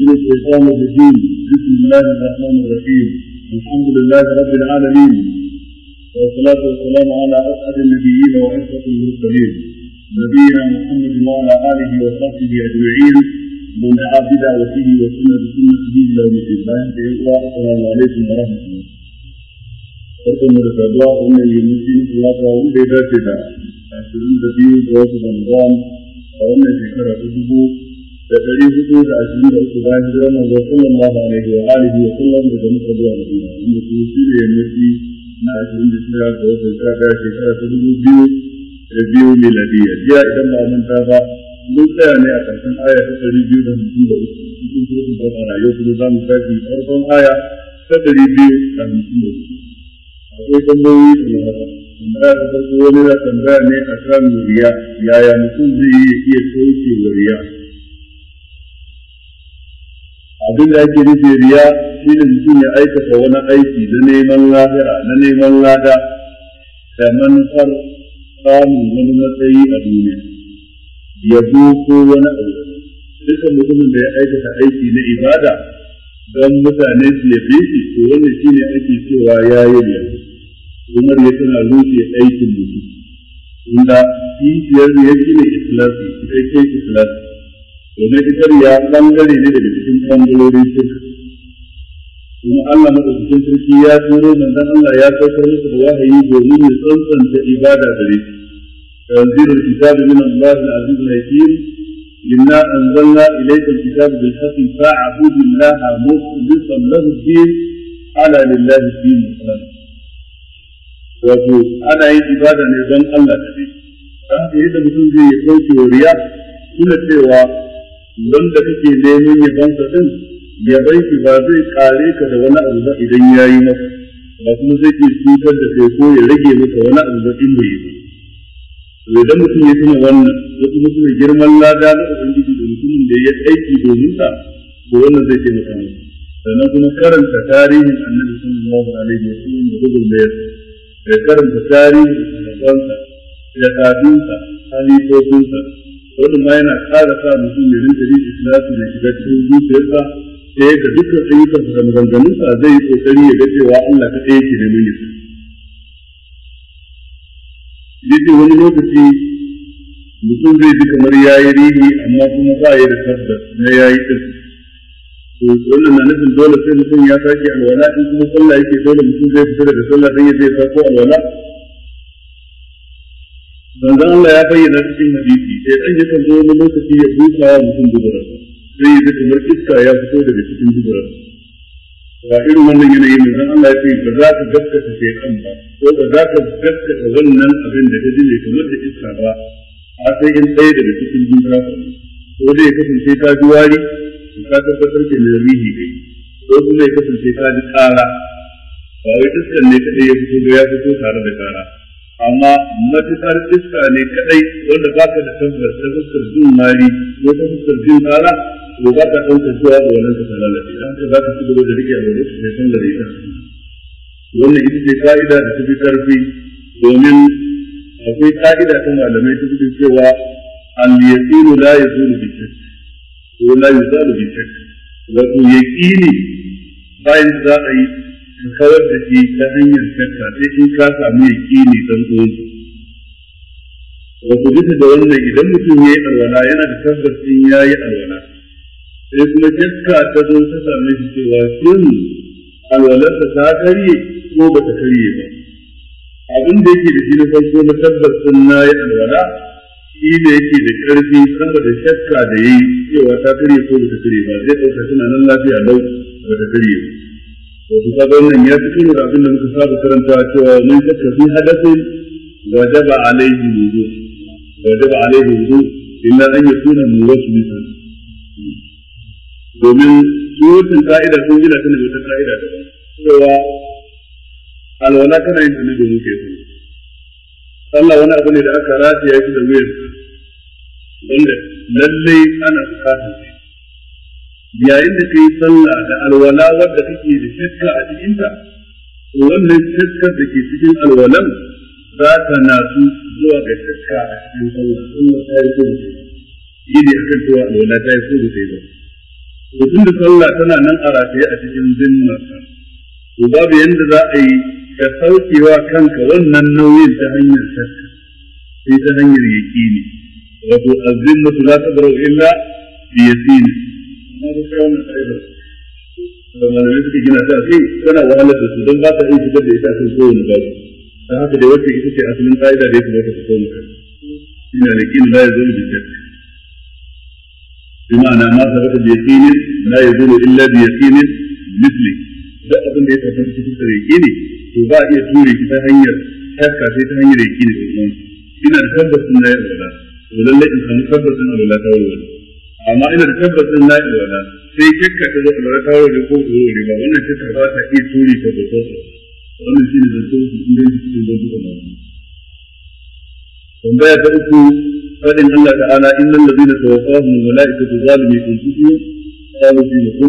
من الشيطان الرجيم بسم الله الرحمن الرحيم الحمد لله رب العالمين والصلاة والسلام على أسعد النبيين وأشرف المرسلين نبينا محمد وعلى آله وصحبه أجمعين من دعا بدعوته وسنة سنة سنته إلى يوم الله السلام عليكم ورحمة الله farkon mu da saduwa wannan الله na talata wanda ya dace في رمضان da biyu ga da ɗari hudu da ashirin da uku bayan hijirar manzo sallallahu alaihi wa alihi wa sallam daga Makka zuwa Madina wanda kuma shi ne yammaci na ashirin da shida ga watan sha ɗaya shekara ta dubu biyu da biyu miladiyya jiya idan ba manta ba mun tsaya ne a ƙarshen aya ta ɗari biyu da hamsin da uku cikin surutun bakara yau kuma za mu tafi farkon aya ta ɗari biyu da hamsin da uku akwai tambayoyi da haka tambaya ta farko wani na tambaya ne a kan riya yaya mutum zai iya kauce wa riya abin da ake nufi riya shi ne mutum ya aikata wani aiki na neman lahira na neman lada da manufar samun wani matsayi a duniya ya ko wani abu dukkan mutumin da ya aikata aiki na ibada don mutane su ya fi shi to wannan shi ne ake cewa ya yi riya kuma ya tana rufe aikin mutum inda kishiyar riya shi ne ikhlasi ya kai ikhlasi domin ya bangare ne daga cikin bangarorin shirka kuma Allah madaukakin sarki ya turo dan Allah ya saukar masa da wahayi domin ya tsantsanta ibada gare shi تنزيل الكتاب من الله العزيز الحكيم إنا أنزلنا إليك الكتاب بالحق فاعبد الله مخلصا له الدين على لله الدين الإسلام wato ana yin ibada ne don Allah ta ne ta mutum zai ya suna cewa wanda kake neman ya yabansa din bai ki ba zai kare ka da wani abu ba idan ya yi maka ba kuma zai ke cutar da kai ko ya rage maka wani abu ba in bai ba to idan mutum ya tuna wannan ya kuma tuna girman lada na ubangiji da mutumin da ya aiki domin sa ko wannan zai maka masa sannan kuma karanta tarihin annabi sallallahu alaihi wa sallam da gudun da ya karanta tarihin da sahabbansa da kafinsa halifofinsa wannan ma yana ƙara sa mutum ya rinka yin ikhlasi ya shiga cikin zuciyarsa ta yadda dukkan ayyukansa da maganganunsa zai yi kokari ya ga cewa Allah ta ɗaya ke neman yasa. Yace wani lokaci mutum zai ji kamar ya yi rihi amma kuma ba ya da tabbas na ya yi ɗin. To wannan na nufin dole sai mutum ya sake alwala in kuma sallah yake dole mutum zai fita daga sallah don ya zai sako alwala manzon Allah ya bayyana cikin hadisi sai dan yakan zo wani lokaci ya buka wa mutum dubura sai ya kamar iska ya fito daga cikin dubura ga irin wannan yanayi manzon Allah ya ce ba za ka gaskata sai kan ba ko ba za ka gaskata wannan abin da kaji ne kamar da iska ba a sai in tsaye daga cikin dubura ko dai kasance ka ji wari ka tabbatar da larihi ne ko kuma ya kasance ka ji kara ba wai iskan ne kadai ya fito da ya fito tare da kara amma matuƙar iska ne kadai wanda ba ka da tabbas ta fuskar jin mari ko ta fuskar jin kara to ba ka ɗauka zuwa ga wannan ka lalace dan ka za ka ci gaba da riƙe a wurin ka san da ita wannan ita ce ka'ida da ta fi ƙarfi domin akwai ka'ida ta malamai ta fi cewa al-yaqinu la yazulu bi shakk ko la yuzalu bi shakk wato yaqini bayan za a yi su kawar da shi ta hanyar shakka sai in ka samu yaƙini dan uwan ba ku bisa da wannan idan mutum ya yi alwala yana da tabbas ɗin ya yi alwala sai kuma shakka ta zo ta same shi cewa shin alwalarsa ta karye ko ba ta karye ba abin da yake da shi na farko na tabbas ɗin na yi alwala shi ne yake da ƙarfi saboda shakka da ya yi cewa ta karye ko ba ta karye ba zai ɗauka suna nan lafiya lau ba ta karye ba wato kaga wannan ya fito da abin da muka saba karanta cewa mun shakka fi hadasin wajaba alaihi wudu wajaba alaihi wudu illa an yi yakuna muwaswisan domin surutun ka'ida sun gina ta ne wata ka'ida da cewa alwala kana yin tuni domin kai sun sallah wani abu ne da aka rataya shi da wuyar wanda lallai ana bukatar shi yayin da yi sallah da alwala wadda kake da fiska a cikinta wannan shakkar da ke cikin alwalan za ta nasu zuwa ga fiska a cikin sallah sallah ta yi kuma yi ne akan cewa alwala ta yi so ta yi ba to sallah tana nan a rataye a cikin zinnarka to babu yadda za a yi ka saukewa kanka wannan nauyin ta hanyar shakka sai ta hanyar ne wato za ta tabra'u illa bi yaqini kuma sun kawo wannan da malamai suka gina ta kai tana wahalar da su don ba ta iya shigar da ita a kan kowane babu don haka da wacce ita ce asalin ka'ida da ya kamata su kawo maka ina da kin la yazulu da shakk bi ma'ana ma sabata bi yaqinin la yazulu illa bi yaqinin misli da abin da ya tabbata cikin da yaqini to ba a iya ture shi ta hanyar shakka sai ta hanyar yaqini da kuma ina da tabbacin na yi alwala to lallai in samu tabbacin alwala ta walwala amma ina da tabbacin na iwala sai shakka ta zai a wani tawo da ko ko ba wannan shakka ba ta iya tsori ta zato wannan shi ne zato su inda su cikin zato da masu tambaya ta uku fadin Allah ta'ala innal ladina tawaffahum malaikatu zalimi anfusihim qalu fima na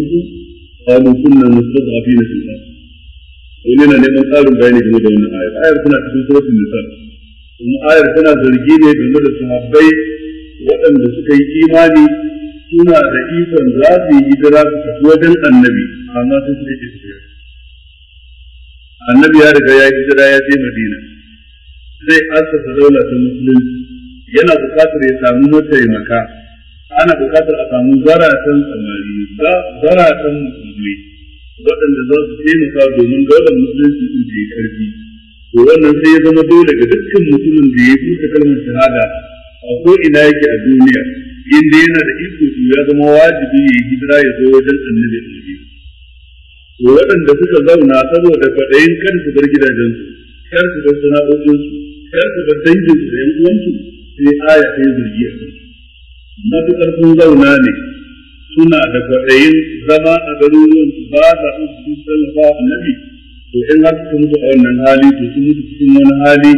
qalu kunna fi na ardh wani yana neman tsarin bayani game da wannan ayar ayar tana cikin suratul nisa kuma ayar tana zargi ne game da sahabbai waɗanda suka yi imani suna da ikon za su yi hijira su tafi wajen annabi amma sun ce tafiya annabi ya riga ya yi hijira ya je madina zai asasa daula ta musulunci yana buƙatar ya samu mataimaka ana buƙatar a samu zaratan samari zaratan musulmi waɗanda za su taimaka domin daular musulunci sun je karfi to wannan sai ya zama dole ga dukkan mutumin da ya kusa kalmar shahada a ko ina yake a duniya inda yana da iko su ya zama wajibi ya yi hijira ya zo wajen annabi a madina to waɗanda suka zauna saboda faɗayin kar su bar gidajensu kar su bar sana'o'insu kar su bar danginsu da yan uwansu sai aya ta yi zargi a kansu matuƙar sun zauna ne suna da kwaɗayin zama a garuruwan su ba sa su su a annabi to in haka su mutu a wannan hali to sun mutu cikin wani hali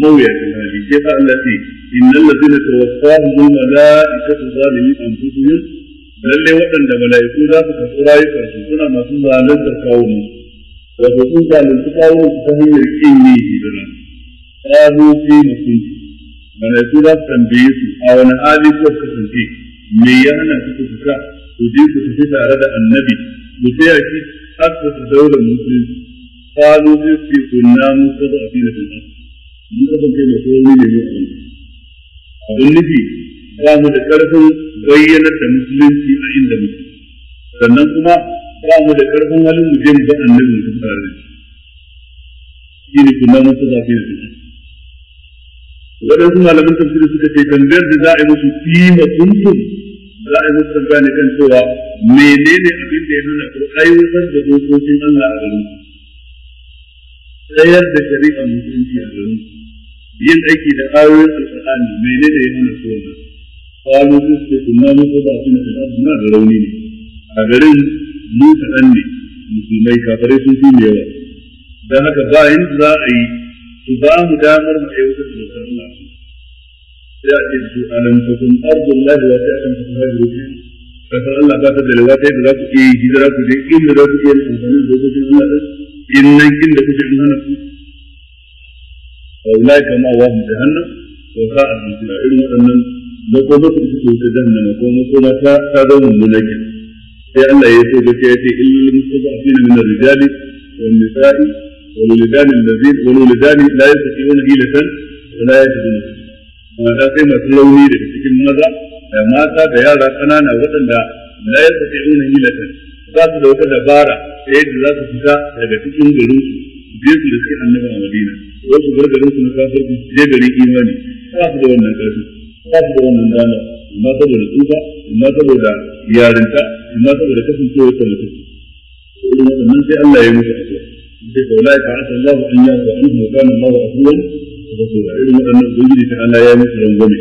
mawuyacin hali sai sa Allah ce innal ladina tawaffahum malaikatu zalimi anfusihim lalle waɗanda mala'iku za su tafi rayukan su suna masu zalantar kawo mu wato sun zalunci kawo su ta hanyar kin ne hijira kawo fi mutum mala'iku za su tambaye su a wani hali ko kasance me ya hana su ku fita ku je ku tafi tare da annabi ku tsaya ki har su daura musulunci kawo fi kunna musulunci da mun kasance masu rauni ne mu a abin nufi ba mu da ƙarfin bayyanar da musulunci a inda muke sannan kuma ba mu da ƙarfin halin mu je mu ga annabi mu tsara da shi ne kuma mun tsaya fi da shi waɗansu malaman tafsiri suka ce tambayar da za a yi musu kima tuntun, za a yi musu tambaya kan cewa menene abin da ya nuna ko aiwatar da dokokin Allah a garin tsayar da shari'a musulunci a garin su yin aiki da ayoyin alqur'ani menene ya hana su wannan qalu bisu kunna mutadafina fil ardh na da rauni ne a garin mu kadan ne musulmai kafirai sun fi yawa dan haka ba yin za a yi su ba mu damar mu aiwatar da dokar Allah sai a ce su alam takun ardullahi wa ta'ala fahajiru fiha kasar Allah ba ta da lewa ta yadda za ku iya yi hijira ku je inda za ku iya amfani da dokokin Allah din in nan inda kuke in hana ku أولئك ما وهم جهنم وساء المسيرة إلى أن نقوم بكتب جهنم نقوم بكتب تدوم منك يا الله يسوع يأتي إلا المستضعفين من الرجال والنساء والولدان الذين والولدان لا يستطيعون حيلة ولا يجدون ما تقيم تلوني لكتك النظر ما تاب يا رقنان وطن لا يستطيعون حيلة تاب لوطن بارا إيد الله تسيطا لكتك النظر جيس لسكي أنه مدينة wasu bar da su na kafirci su je gari imani ba su da wannan karfi ba su da wannan dama amma saboda tsufa amma saboda yarinta amma saboda kasancewar ta mutum irin waɗannan sai Allah ya musu asuwa sai ka wala ka asa Allah an ya wa an wa kana ba su rasula irin waɗannan ubangiji ta Allah ya musu rangwame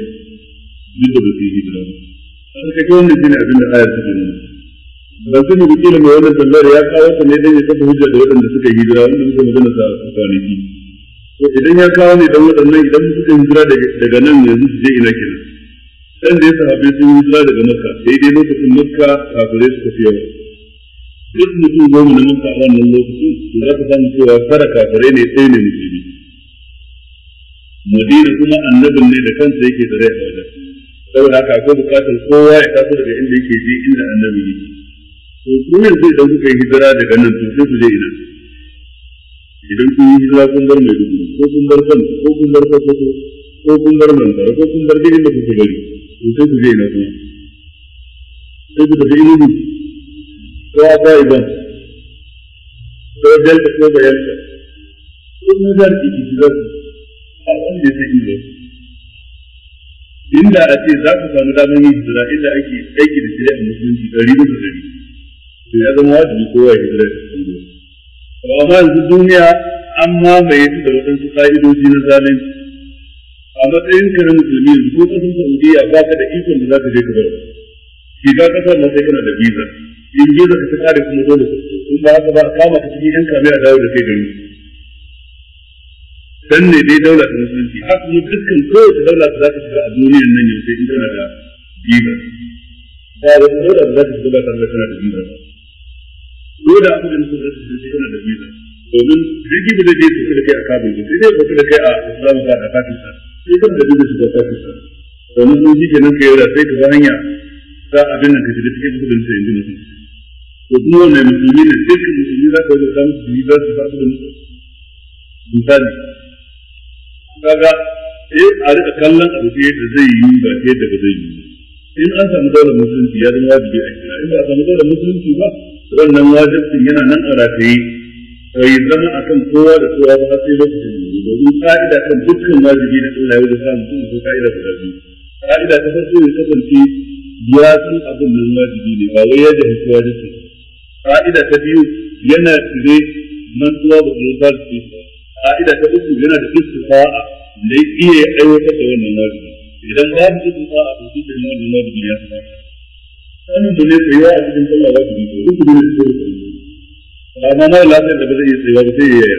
duk da ba su yi hijira ba an kai wannan shine abin da ayar ta nuna ba su ne bikila mai wannan tambayar ya kawo ta ne dan ya kafa hujja da waɗanda suka yi hijira wanda suka magana sa kwanaki idan ya kawo ne don waɗannan idan suka hijira daga nan yanzu su je ina kenan dan da ya sahabe sun hijira daga makka daidai lokacin makka kafirai suka fi yawa duk mutum goma na makka a wannan lokacin su za ka samu cewa fara kafirai ne sai ne musulmi madina kuma annabin ne da kansa yake da rai a wajen saboda haka akwai bukatar kowa ya taso daga inda yake je inda annabi yake to kuma yanzu idan kuka yi hijira daga nan to sai ku je ina idan kun yi hijira kun bar mai dubu ko kun bar kan ko kun bar sokoto ko kun bar mantara ko kun bar gidan da kuke bari to sai ku je ina kuma sai ku tafi ilimi ko a ba iban ko delta ko bayanta ko kun za ki hijira ku a wanda ya sai ilimi inda a ce za ku samu damar yin hijira inda ake aiki da shirya a musulunci ɗari bisa ɗari to ya zama wajibi kowa ya hijira da ba ma yanzu duniya an mamaye su da waɗansu ƙa'idoji na zalunci a matsayin ka na musulmi yanzu ko ƙasar saudiya ba ka da ikon da za ka je ka bar shiga ƙasar na sai kana da biza in biza ka ta kare kuma dole in ba haka ba a kama ka cikin yan a dawo da kai garin. dan ne dai daula ta musulunci har kuma dukkan kowace daula da za ta shiga a duniyar nan yau in tana da biza ba da kuma daula da za ta shiga ba tare da tana da biza ba ko da abin da nufin zai shi kana da visa domin jirgi ba zai tafi da kai a kabul ba sai dai ba kada kai a islamu ka da pakistan sai kan da visa su da pakistan domin sun shi kenan kai da sai ka ga hanya ta abin nan ka shiga cikin kudin sai yanzu mutum to kuma wannan musulmi ne duk musulmi za ka zama musulmi za su ba su da misali kaga sai eh, a rika kallon abu yadda zai yi ba sai da ba zai yi in an samu daular musulunci ya zama wajibi a kira in ba a samu daular musulunci ba wannan wajibin yana nan a rataye yi zama a kan kowa da kowa ba sai lokacin da domin ka'ida kan dukkan wajibi na Allah ya zama mutum ko ka'ida da biyu ka'ida ta farko ya kasance ya san abin nan wajibi ne ba wai ya jahilci wajibi ka'ida ta biyu yana tsire mantuwa ba su ba su ka'ida ta uku yana da fa'a da iya aiwatar da wannan wajibi idan babu istifa'a to shi ne wannan wajibi ya tsaya sanin da ne tsayuwa a cikin sallah za ku yi duk da ne tsayuwa ba ma mara lafiyar da ba zai iya tsayuwa ba sai ya yi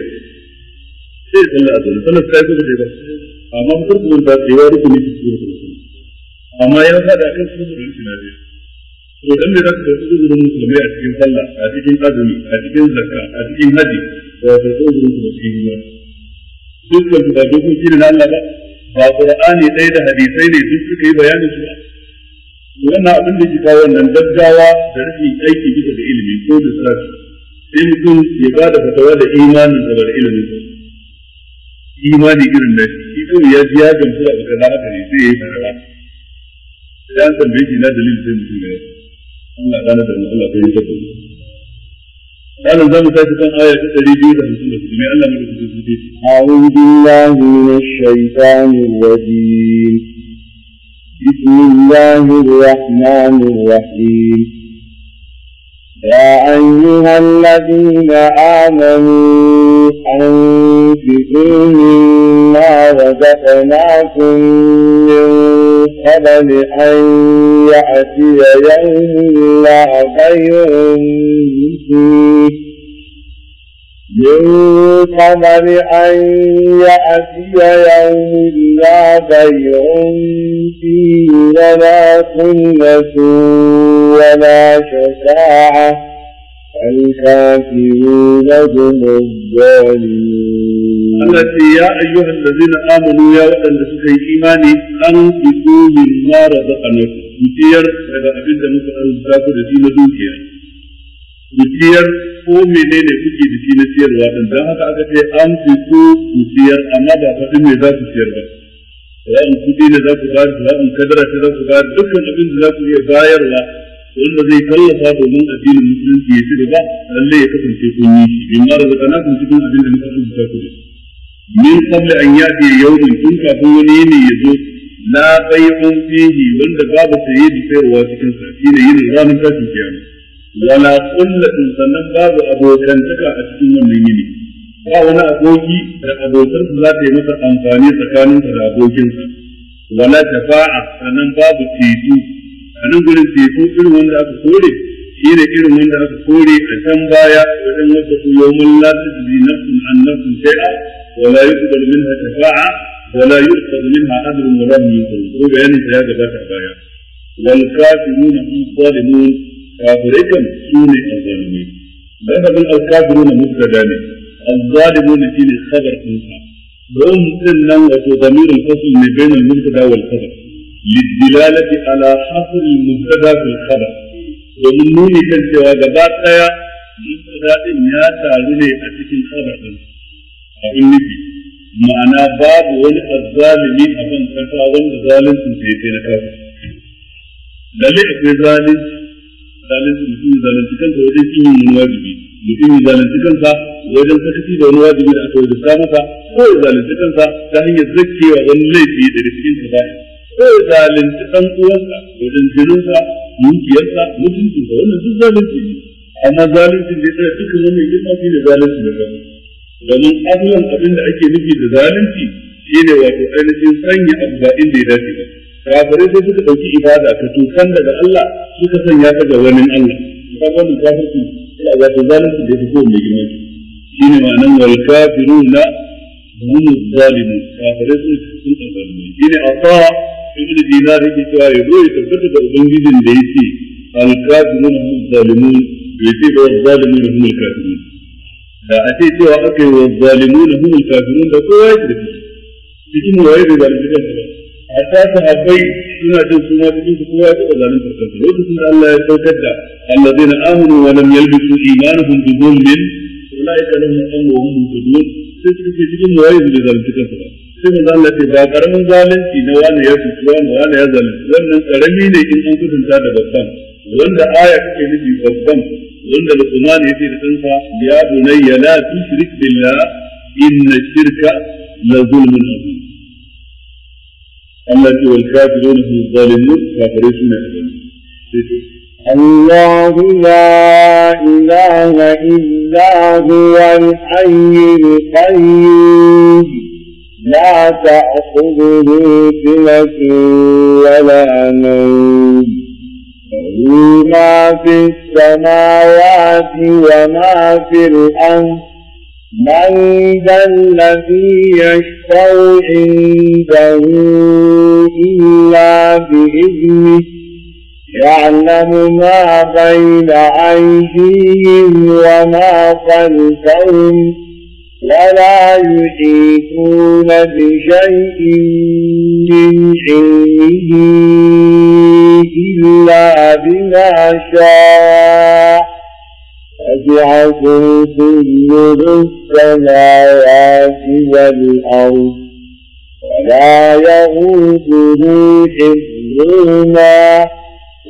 sai ya sallah a zaune sallar ta yi kuma sai ba amma mutum kuma ta tsayuwa duk ne tsayuwa ba amma ya sa da kan kuma da rikin na zai to dan me za ka karɓi uzurin musulmai a cikin sallah a cikin azumi a cikin zakka a cikin haji da ya karɓi uzurin su cikin hijira dukkan su dukkan dokoki ne na Allah ba ba Qur'ani ɗaya da hadisai ne duk suka yi bayanin su ba wannan abin da ke kawo wannan gaggawa da rashin aiki bisa da ilimi ko da sati sai mutum ya ba da fatawa da imanin da bar ilimin imani irin da shi kawai ya ji ya gamsu da abu kaza haka ne sai ya yi fara fatawa idan tambaye shi na dalilin sai mutum ya Allah gane da mu Allah kai tabbata قالوا زمن تاتي كان آية تسألي بيضا بسم الله الرحمن الرحيم أعوذ بالله من الشيطان الرجيم بسم الله الرحمن الرحيم يا أيها الذين آمنوا أنفقوا مما رزقناكم من قبل أن يأتي يوم لا خير فيه من قبل أن يأتي يوم لا بيع فيه ولا قلة ولا شفاعة الكافرون هم الظالمون التي يا أيها الذين آمنوا يا وأن في إيماني أنفقوا مما رزقناكم كثير هذا أبدا مثل أن في مدوكيا كثير ko menene suke da shi na siyarwa din don haka aka ce an fi so su siyar amma ba faɗin me za su siyar ba wa'an kuɗi ne za ku bayar wa'an kadara ce za ku bayar dukkan abin da za ku iya bayarwa wanda zai tallafa domin addinin musulunci ya ci gaba lallai ya kasance kun yi in ma da zakana kun cikin abin da muka rubuta ku da min qabla an yati yawmin tun kafin wani ne ya zo la bai'un fihi wanda babu saye da sayarwa cikin sa shine yin ranar tashin kiyama wala kullatin sannan babu abokantaka a cikin wannan yini ba wani aboki da abokansa za ta yi masa amfani tsakaninsa da abokinsa wala tafa'a sannan babu teku a nan gurin teku irin wanda aka kore shi ne irin wanda aka kore a can baya wajen wata yawmin la tajzi nafsun an nafsun shay'a wala yuqbal minha tafa'a wala yuqbal minha adlun wala yuqbal ko bayanin ya gabata baya wal kafiruna hum zalimun kafirai kan su ne azzalimi dan abin alkafirun mubtada ne azzalimun shine khabar dinsa don din nan wato damirul fasl ne bainal mubtada wal khabar للدلالة ala حصر المبتدا في الخبر domin nuni kan cewa gaba ɗaya mubtada din ya taru ne a cikin khabar din abin nufi ma'ana babu wani azzalimi a kan kasa wanda zalincin sai na kafir lalle akwai zalunci zalunci mutum ya zalunci kansa wajen kin yin wajibi mutum ya zalunci kansa wajen sakaci da wani wajibi da aka wajibta masa ko ya zalunci kansa ta hanyar zakkewa wani laifi daga cikin kaba'ir ko ya zalunci ɗan uwansa wajen jininsa mutuncin mutuncinsa wannan duk zalunci ne amma zalunci da ya dukkan wannan girma shi ne zalunci da kansa domin abubuwan abin da ake nufi da zalunci shi ne wato ainihin sanya abu ba inda ya dace ba kafirai sai suka ɗauki ibada ka tukan daga Allah suka sanya ta ga wani Allah ta wannan kafirci ina ga ta zalunci da ta kowanne girma shi ne ma'anan wal kafirun na mun zalimu kafirai sun sun zalimu shi ne a afa ibn dinar yake cewa ya zo ya tabbata da ubangijin da yake al kafirun mun zalimu ya ce ba zalimu da mun kafirun da a ce cewa aka yi wa zalimu da mun kafirun da kowa ya ce tafi cikin waye da zalimu da hatta sahabbai suna jin suna cikin su kowa ya zalunta kansu lokacin da Allah ya saukar da allazina amanu wa lam yalbisu imanuhum bi dhulmin ulaika lahum amru wa hum muhtadun sai suka ce cikin waye da zalunta kansu ba sai manzo Allah ce ba karamin zalunci na wani ya su wani wani ya zalunci wannan karami ne in an kudunta da babban wanda aya take nufi babban wanda Luqman ce da kansa ya bunayya la tushrik billah inna shirka la zulmun azim Allah والكافرون هم الظالمون كافرين zalimun kafirai الله لا إله إلا هو الحي القيوم لا تأخذه سنة ولا نوم له ما في السماوات وما في الأرض من ذا الذي يشتري عنده إلا بإذنه يعلم ما بين أيديهم وما خلفهم ولا يحيطون بشيء من علمه إلا بما شاء وسع كرسيه السماوات والأرض ولا يئوده حفظهما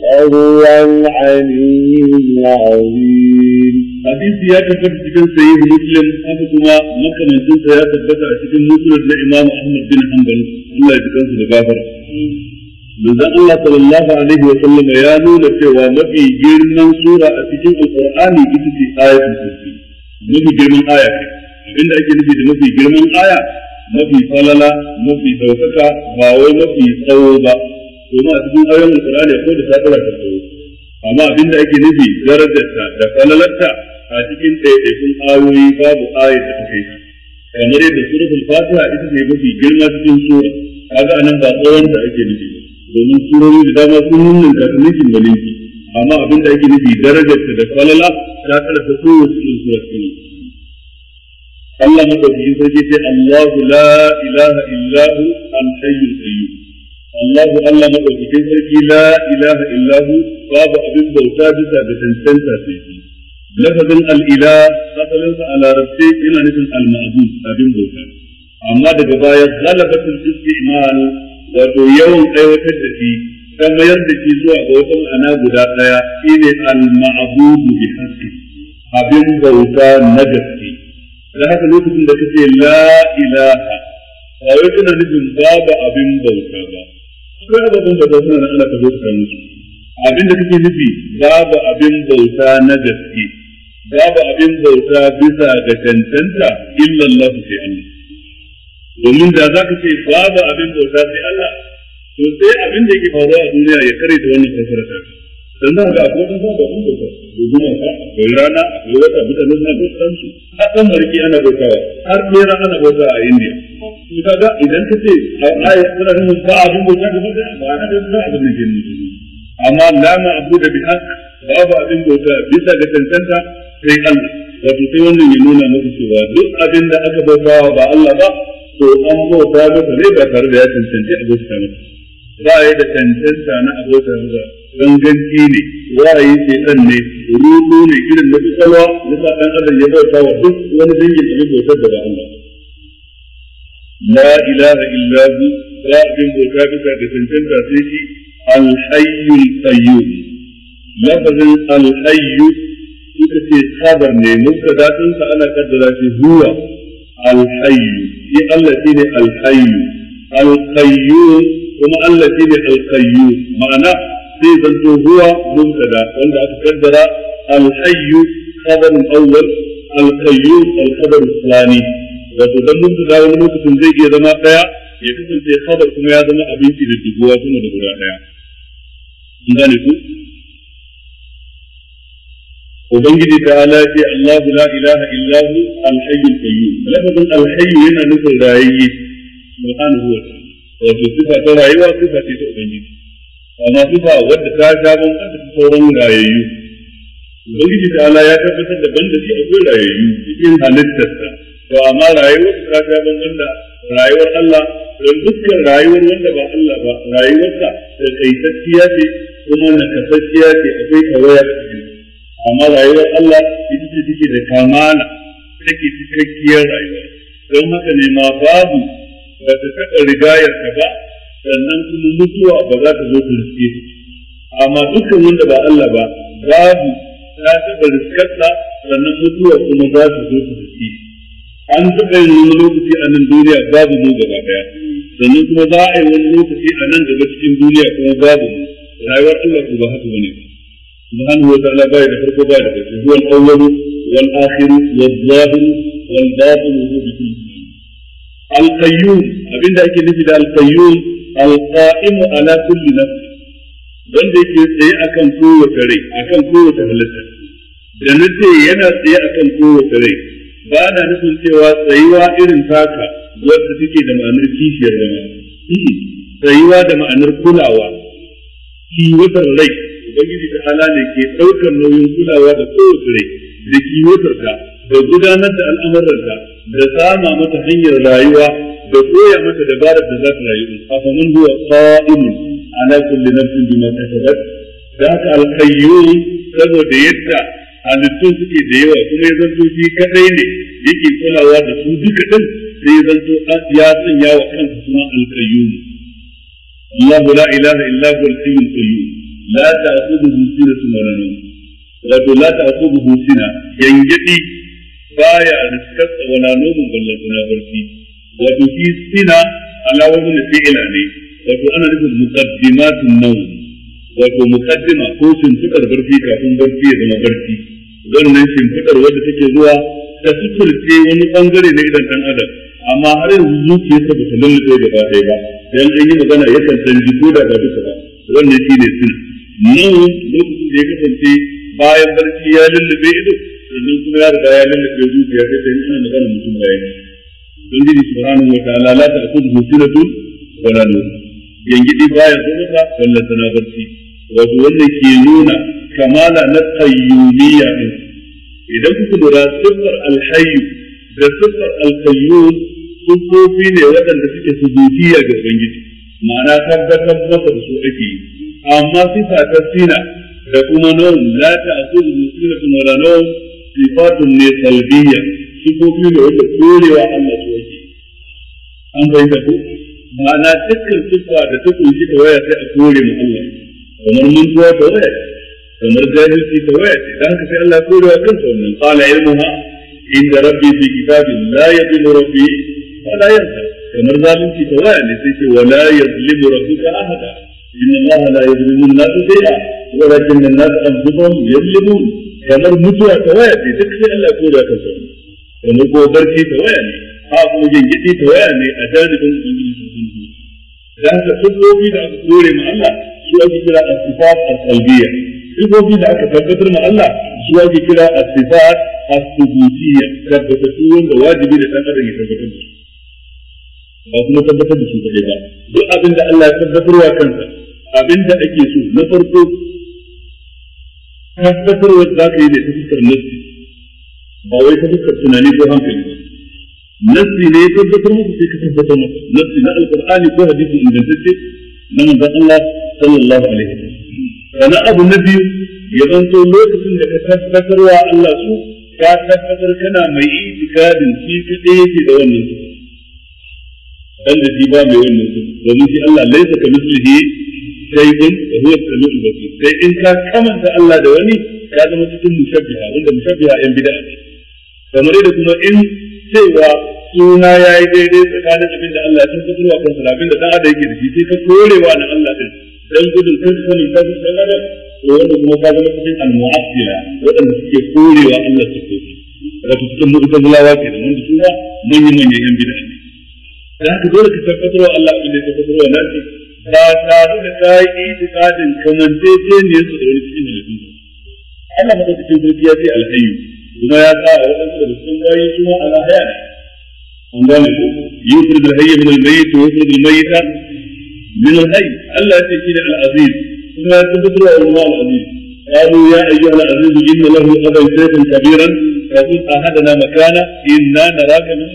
وهو العلي العظيم حديث يا cikin sahih muslim haka kuma makamancin sa ya tabbata a cikin musnad na imam ahmad bin hanbal Allah ya da manzon Allah sallallahu alaihi wa sallam ya nuna cewa mafi girman sura a cikin alqur'ani ita ce ayatu kursi mafi girman aya abinda ake nufi da mafi girman aya mafi falala mafi daukaka ba wai mafi tsawo ba Kuma a cikin ayoyin alqur'ani akwai da sadara ta tsawo amma abinda ake nufi darajarta da falalarta a cikin ɗaiɗaikun ayoyi babu ayat da ta kamar yadda suratul fatiha ita ce mafi girma cikin sura kaga anan ba tsawon da ake nufi ba domin surori da dama sun nuna kasuwancin da ninki amma abin da ake nufi darajar ta da falala ta kala ta so wasu sun sura suna Allah sarki sai Allahu la ilaha illahu hu hayyul qayyum Allahu Allah sarki la ilaha babu abin bauta bisa da tantanta sai shi lafazin al-ila asalinsa a larabce yana nufin al-ma'bud abin bauta amma daga baya galabatul istimal wato yawan aiwatar da shi ta mayar da shi zuwa ga wata ma'ana guda ɗaya shi ne al-ma'budu bi haqqi abin bauta na gaske da haka lokacin da kace la ilaha ba wai kana nufin babu abin bauta ba ko da babban bauta suna da Allah ka zo ka musu abin da kake nufi babu abin bauta na gaske babu abin bauta bisa ga tantanta illa Allah sai Allah domin da za ka ce babu abin bauta sai Allah to sai abin da yake faruwa a duniya ya kare ta wannan kafara ta dan za ga akwai wani babu abin bauta domin ka akwai rana akwai wata mutane suna bautan su har dan marki ana bautawa har ɗera ana bauta a India to kaga idan ka ce a ai suna nufin ba abin bauta gaba ba ma'ana da suna abin da ke nufi amma la Abu da haqq babu abin bauta bisa ga tantanta sai Allah wato sai wannan ya nuna maka cewa duk abin da aka bautawa ba Allah ba to an bauta masa ne ba tare da ya cancanci abota masa ba ya da cancanta na abota masa ganganci ne ra'ayi ce dan ne rudu ne irin na kusalwa na sa dan adam ya bauta wa duk wani dangin abin bautar da ba Allah la ilaha illa hu ba abin bauta bisa da cancanta sai shi alhayyul qayyum lafazin alhayyu suka ce kabar ne mun ka dadin sa ana kaddara shi zuwa Alhayu, shi Allah shi ne Alhayu alqayyu kuma Allah shi ne alqayyu ma'ana sai zanto huwa mubtada wanda aka kaddara Alhayu khabarun awwal alqayyu alkhabarun thani wato dan mubtada wani lokacin zai iya zama daya ya kasance khabar kuma ya zama abinci da dubuwa kuma da guda daya kun gane ku ubangiji ta ala ce Allahu la ilaha illahu, hu al-hayyul qayyum lafazin al-hayy yana nufin rayayye subhanahu wa ta'ala wato sifa ta rayuwa sifa ce ta ubangiji amma sifa wadda ta sha bamban ta sauran rayayyu ubangiji ta ala ya tabbatar da banda shi akwai rayayyu cikin halittarsa to amma rayuwar ta sha bamban da rayuwar Allah don dukkan rayuwar wanda ba Allah ba rayuwarsa da kaitacciya ce kuma na nakasacciya ce akwai tawaya a cikin amma rayuwar Allah ita ce take da kamala take cikakkiyar rayuwa don haka ne ma babu ba ta taɓa rigayar ta ba sannan kuma mutuwa ba za ta zo ta riske amma dukkan wanda ba Allah ba babu ta taɓa riskarsa sannan mutuwa kuma za ta zo ta riske an taɓa yin wani lokaci a nan duniya babu mu gaba ɗaya sannan kuma za a yi wani lokaci a nan gaba cikin duniya kuma babu mu rayuwar Allah ko ba haka bane ba subhanahu wa ta'ala baya da farko baya da ƙarshe huwa al-awwal wal akhir wal zahir wal batin wa bi kulli shay'in al-qayyum abinda ake nufi da al-qayyum al-qa'im ala wanda yake tsaye akan kowace halitta da nace yana tsaye akan kowace rai ba na nufin cewa tsayuwa irin taka wadda take da ma'anar hmm, tsayuwa da ma'anar kulawa kiwatar rai ubangiji ta ala ne ke ɗaukar nauyin kulawa da kowace rai da kiwotarta da gudanar da al'amuranta da sama mata hanyar rayuwa da koya mata dabarar da za ta rayu afa mun huwa qa'imun ala kulli nafsin bima kasabat da haka al-qayyum saboda yadda halittun suke da yawa kuma ya zanto shi kadai ne yake kulawa da su duka din sai ya zanto ya sanya wa kansa suna al-qayyum Allah la ilaha illa huwa al-qayyum la ta'khudhuhu sinatun wa la nawm wato la ta'khudhuhu sina yangidi baya riskar wala nawm ballan na barci wato fi sina ala wazn fi'la ne wato ana nufin muqaddimatun nawm wato muqaddima ko shimfiɗar barfi kafin barci barfi, zama barci wannan shimfiɗar wadda take zuwa ta suturce wani bangare na idan dan adam amma har yanzu zuciyarsa ba ta lullube gaba ɗaya ba dan an yi magana yakan san ko da ba duka ba wannan shine sina nan lokacin da ya kasance bayan barci ya lullube ido sannan kuma ya riga ya lullube zuciya sai ta yi ana magana mutum bayan ubangiji subhanahu wa ta'ala la ta'khudhu sinatun wa wala nawm yangidi bayan zuwa sallata na barci wato wanda ke nuna kamala na qayyumiyya din idan kuka lura sifar alhayyu da sifar alqayyum sufofi ne waɗanda suke subutiya ga ubangiji ma'ana tabbatar masa da su ake yi amma sifa ta sina da kuma nawm la ta'khudhu muslimatun wala nawm sifatun ne salbiyya sifofi da wanda korewa Allah ta yake an bai ta ma'ana dukkan sifa da ta kunshi ta waya sai a kore mu Allah kamar mun tuwa ta waya kamar jahilci ta waya ce dan haka sai Allah kore wa kansa wannan qala ilmuha inda rabbi fi kitabin la yadhillu rabbi wala yansa kamar zalunci ta waya ne sai ce wala yadhlimu rabbuka ahada إن الله لا يظلم الناس شيئا ولكن الناس أنفسهم يظلمون كمر متوى توادي تكفي ألا كورا كسر كمر بركي تواني حافظ جيدي تواني أجانب لا تفضلوا في ذلك كوري مع الله سواء كلا الصفات القلبية تفضلوا في ذلك تفضل مع الله سواء كلا الصفات الثبوتية تفضلون واجب لتنقرن يتفضلون أو كما تفضل بسوء الحباب دعا بالله ألا يتفضلوا كنسر abinda ake so na farko tabbatarwar za ka yi ne ta fuskar ba wai ta fuskar tunani ko hankali nassi ne ya tabbatar muku sai ka tabbatar muku nassi na alqur'ani ko hadisi ingantacce na manzon Allah sallallahu alaihi wasallam sana abu na biyu ya zanto lokacin da ka wa Allah su ka tabbatar kana mai itikadin shi kaɗai yake da wannan su dan da shi ba mai wannan su domin shi Allah laisa ka mislihi shay'in da huwa as da basir sai in ka kamanta Allah da wani ka zama cikin mushabbiha wanda mushabbiha yan bid'a ne kamar da kuma in cewa suna yayi daidai tsakanin abin da Allah ya san wa kansa abin da dan adam yake da shi sai ka korewa na Allah din dan gudun kan sanin ta dan adam to wanda kuma ka zama cikin al-mu'attila wadanda suke korewa Allah su ko wato cikin ke da wanda suna manyan manyan yan bid'a ne da haka dole ka tabbatar wa Allah abin da ya tabbatar wa nasi ba tare da ta yi itikadin kamantaceniyar su da wani cikin halittun ba Allah madaukakin sarki ya fi alhayu kuma ya sa a waɗansu da cikin bayi kuma ala haya ne an gane ko yusuf da hayya min almayyit wa yusuf da ta. min alhayu Allah ya ce shi da al'aziz kuma ya tabbatar wa Allah al'aziz قالوا يا أيها العزيز إن له أبا kafin a hadana makana, inna na raka من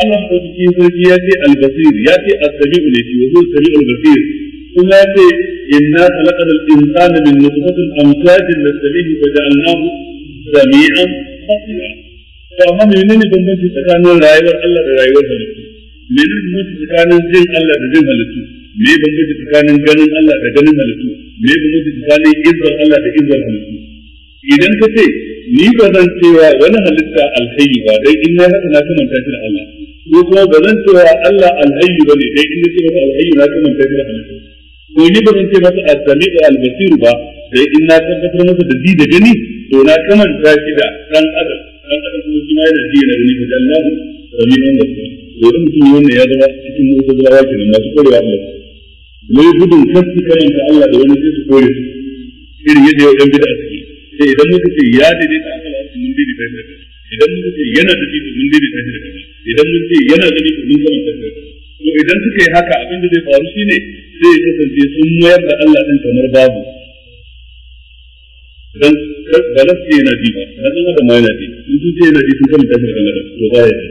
Allah ko cikin sarki ya ce al-basir ya ce as-sami'u ne shi wazo sami'ul basir kuma ya ce inna khalaqna al-insana min nutfatin amshajin nastamihi fa ja'alnahu sami'an basira to amma ne bambanci tsakanin rayuwar Allah da rayuwar halittu menene bambanci tsakanin jin Allah da jin halittu me bambanci tsakanin ganin Allah da ganin halittu me bambanci tsakanin izzar Allah da izzar halittu idan ka ce ni ba zan cewa wani halitta alhayyi ba dai in na haka na kamanta shi da Allah ni kuma ba zan cewa Allah alhayyu bane dai in nace masa alhayyu na kuma tafi da halittu to ni ba zan ce masa as-sami'u al-basir ba dai in na tabbatar masa da ji da gani to na ta shi da dan adam dan adam kuma shi na da ji da gani da Allah sami'un basir to idan mutum wannan ya zama cikin mu'tazilawa kenan masu korewa Allah mai gudun kasu karanta Allah da wani sai su kore su irin yadda yau dan bid'a a ciki. sai idan muka ce ya daidaita Allah mun daidaita shi idan muka ce yana da ji mun daidaita shi da kaza idan mun ce yana gani to mun zama tafiya to idan suka yi haka abin da zai faru shine sai ya kasance sun mayar da Allah din kamar babu dan galas gaske yana ji ba dan Allah da ma yana ji in sun ce yana ji sun zama tafiya dan Allah to baya ji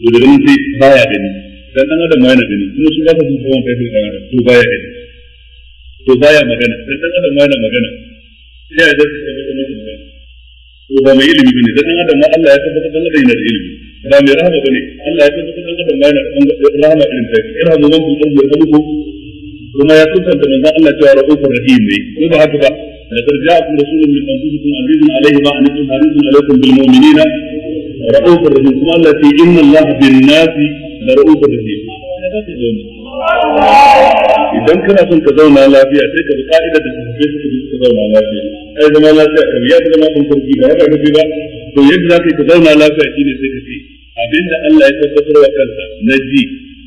to daga mun sai baya gani dan dan adam ma yana gani kuma sun zaka sun zama tafiya dan da, to baya gani to baya magana dan dan adam ma yana magana sai ya dace da mutum to ba mai ilimi bane dan adam ma Allah ya tabbatar da yana da ilimi ba mai rahama bane Allah ya san kusan kasan bayan rahama irin ta irhamu man fil ardi yarhamukum kuma ya kusanta manzon Allah cewa rahmatur rahim ne ko ba haka ba لقد جاءكم رسول من انفسكم عزيز عليه ما انتم حريص عليكم بالمؤمنين رؤوف رحيم كما الله في ان الله بالناس لرؤوف رحيم idan kana son ka zauna lafiya sai ka bi ka'idar da suke suka bi suka zauna lafiya ai zama lafiya kan ya zama kun sarki ba haka kace ba to yadda zaka ka zauna lafiya shine sai ka ce abinda Allah ya tabbatar wa kansa na ji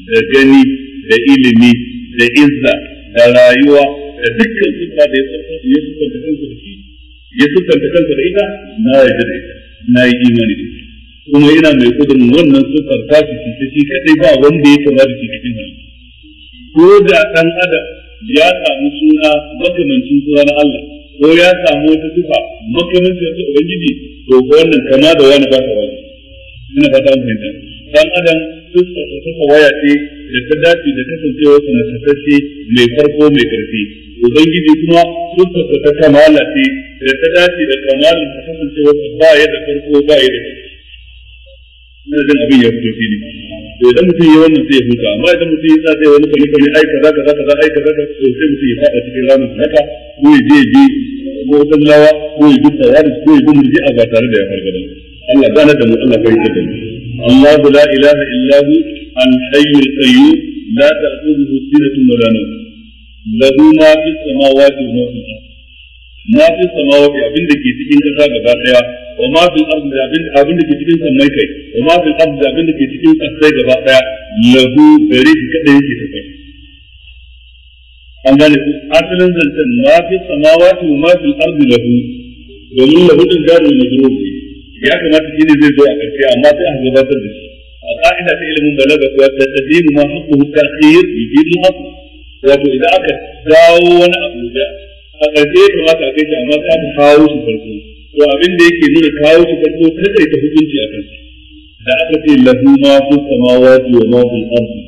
da gani da ilimi da izza da rayuwa da dukkan sifa da ya siffanta kansa da shi ya siffanta kansa da ita na yarda da ita na yi imani da ita kuma yana mai kudin wannan siffar ta su ta shi kadai ba wanda ya kama da shi cikin halittu ko da ɗan adam ya samu suna makamancin suna na Allah ko ya samu wata sifa makamancin su ubangiji to wannan kama da wani ba ta wani ina fata mu fahimta dan adam fuskar ta saka waya ce da ta dace da kasancewa suna tattace mai farko mai karfi ubangiji kuma fuskar ta ta kamala ce da ta dace da kamalin ta kasancewa ba ya da farko ba ya da karfi ina jin abin ya fito fili to idan mutum ya wannan zai huta amma idan mutum ya sa zai wani kalli kalli ai kaza kaza kaza ai kaza ka to sai mutum ya fada cikin ramin haka ko ya je ya je ko dan lawa ko ya bi tsawarin ko ya bi murji a ba tare da ya farga Allah gane da mu Allah kai da Allah Allahu la ilaha illa hu an hayyul qayyum la ta'khudhuhu sinatun wa la nawm lahu ma fi samawati wa ma fil ardh ma fi samawati abin da ke cikin kasa gaba daya wa ma fil ardh abin abin da ke cikin sammai kai wa ma fil ardh abin da ke cikin kasai gaba daya lahu gare shi kadai yake kai. an gane asalin zancen ma fi samawati wa ma fil ardh lahu domin lahu din gado ne gurin ya kamata shi ne zai zo a ƙarshe amma sai a gabatar da shi a ka'ida ta ilimin balaga kuwa ta tadiru ma haƙƙu ta'khir yujibu haqqu wato idan aka dawo wani abu da a ƙarshe ya kamata a kai shi amma sai aka kawo shi farko to abin da yake nuna kawo shi farko kada ta hukunci a kansa da aka ce lahu ma fi samawati wa ma fil ardi